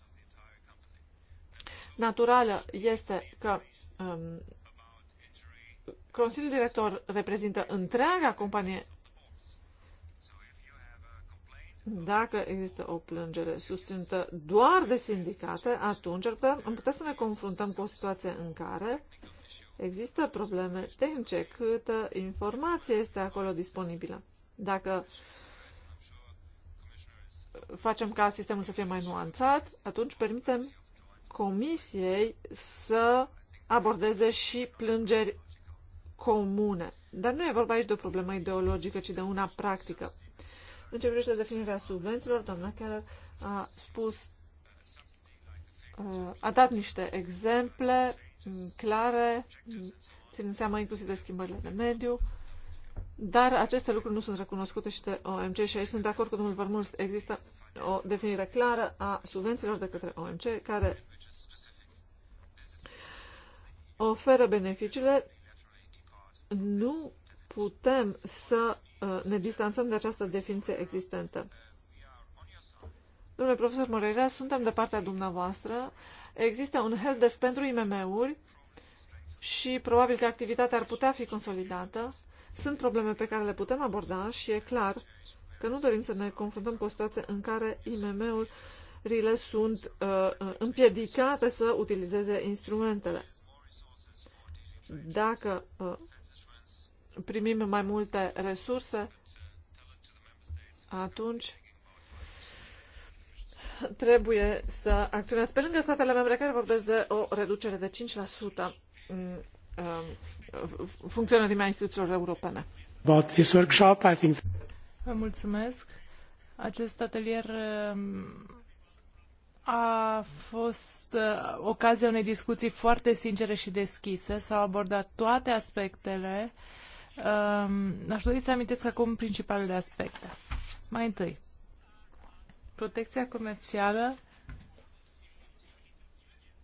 naturală este că um, Consiliul Director reprezintă întreaga companie dacă există o plângere susținută doar de sindicate, atunci ar putea, am putea să ne confruntăm cu o situație în care există probleme tehnice, câtă informație este acolo disponibilă. Dacă facem ca sistemul să fie mai nuanțat, atunci permitem comisiei să abordeze și plângeri comune. Dar nu e vorba aici de o problemă ideologică, ci de una practică. În ce privește definirea subvențiilor, doamna Keller a spus, uh, a dat niște exemple clare, ținând seama inclusiv de schimbările de mediu, dar aceste lucruri nu sunt recunoscute și de OMC și aici sunt de acord cu domnul Vărmul, Există o definire clară a subvențiilor de către OMC care oferă beneficiile. Nu putem să Uh, ne distanțăm de această definiție existentă. Domnule profesor Moreira, suntem de partea dumneavoastră. Există un helpdesk pentru IMM-uri și probabil că activitatea ar putea fi consolidată. Sunt probleme pe care le putem aborda și e clar că nu dorim să ne confruntăm cu o situație în care IMM-urile sunt uh, uh împiedicate să utilizeze instrumentele. Dacă uh, primim mai multe resurse, atunci trebuie să acționați. Pe lângă statele membre care vorbesc de o reducere de 5% în um, funcționărimea instituțiilor europene. Vă mulțumesc. Acest atelier um, a fost uh, ocazia unei discuții foarte sincere și deschise. S-au abordat toate aspectele uh, Ehm, aș dori să amintesc acum principalele aspecte. Mai întâi, protecția comercială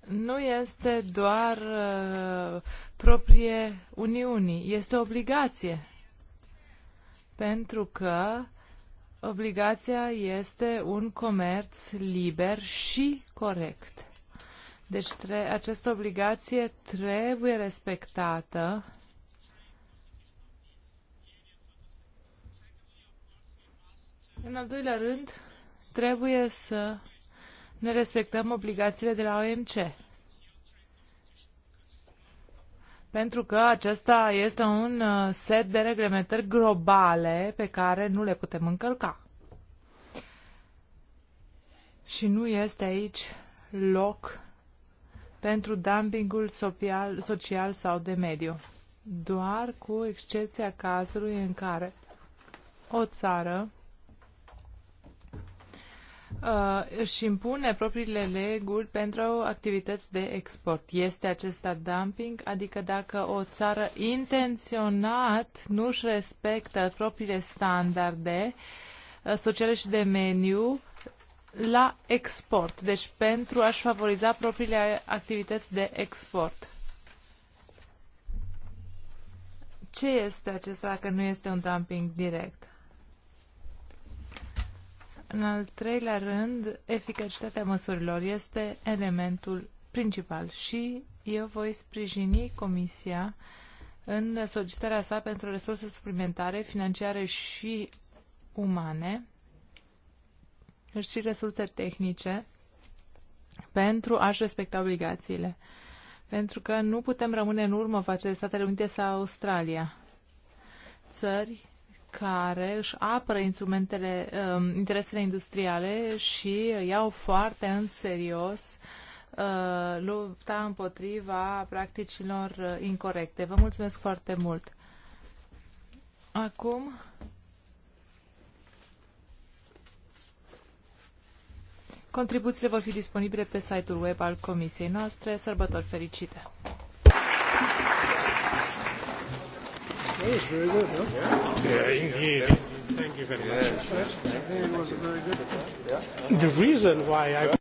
nu este doar uh, proprie Uniunii, este o obligație. Pentru că obligația este un comerț liber și corect. Deci tre- această obligație trebuie respectată În al doilea rând, trebuie să ne respectăm obligațiile de la OMC. Pentru că acesta este un uh, set de reglementări globale pe care nu le putem încălca. Și nu este aici loc pentru dumpingul social, social sau de mediu, doar cu excepția cazului în care o țară Uh, își impune propriile reguli pentru activități de export. Este acesta dumping? Adică dacă o țară intenționat nu își respectă propriile standarde uh, sociale și de meniu la export, deci pentru a-și favoriza propriile activități de export. Ce este acesta dacă nu este un dumping direct? În al treilea rând, eficacitatea măsurilor este elementul principal și eu voi sprijini Comisia în solicitarea sa pentru resurse suplimentare, financiare și umane și resurse tehnice pentru a-și respecta obligațiile. Pentru că nu putem rămâne în urmă față de Statele Unite sau Australia. Țări care își apără instrumentele, um, interesele industriale și iau foarte în serios uh, lupta împotriva practicilor uh, incorrecte. Vă mulțumesc foarte mult. Acum Contribuțiile vor fi disponibile pe site-ul web al comisiei noastre. Sărbători fericite! Yeah, was very good, huh? Yeah, indeed. Thank you very much. Yes. It was very good. The reason why I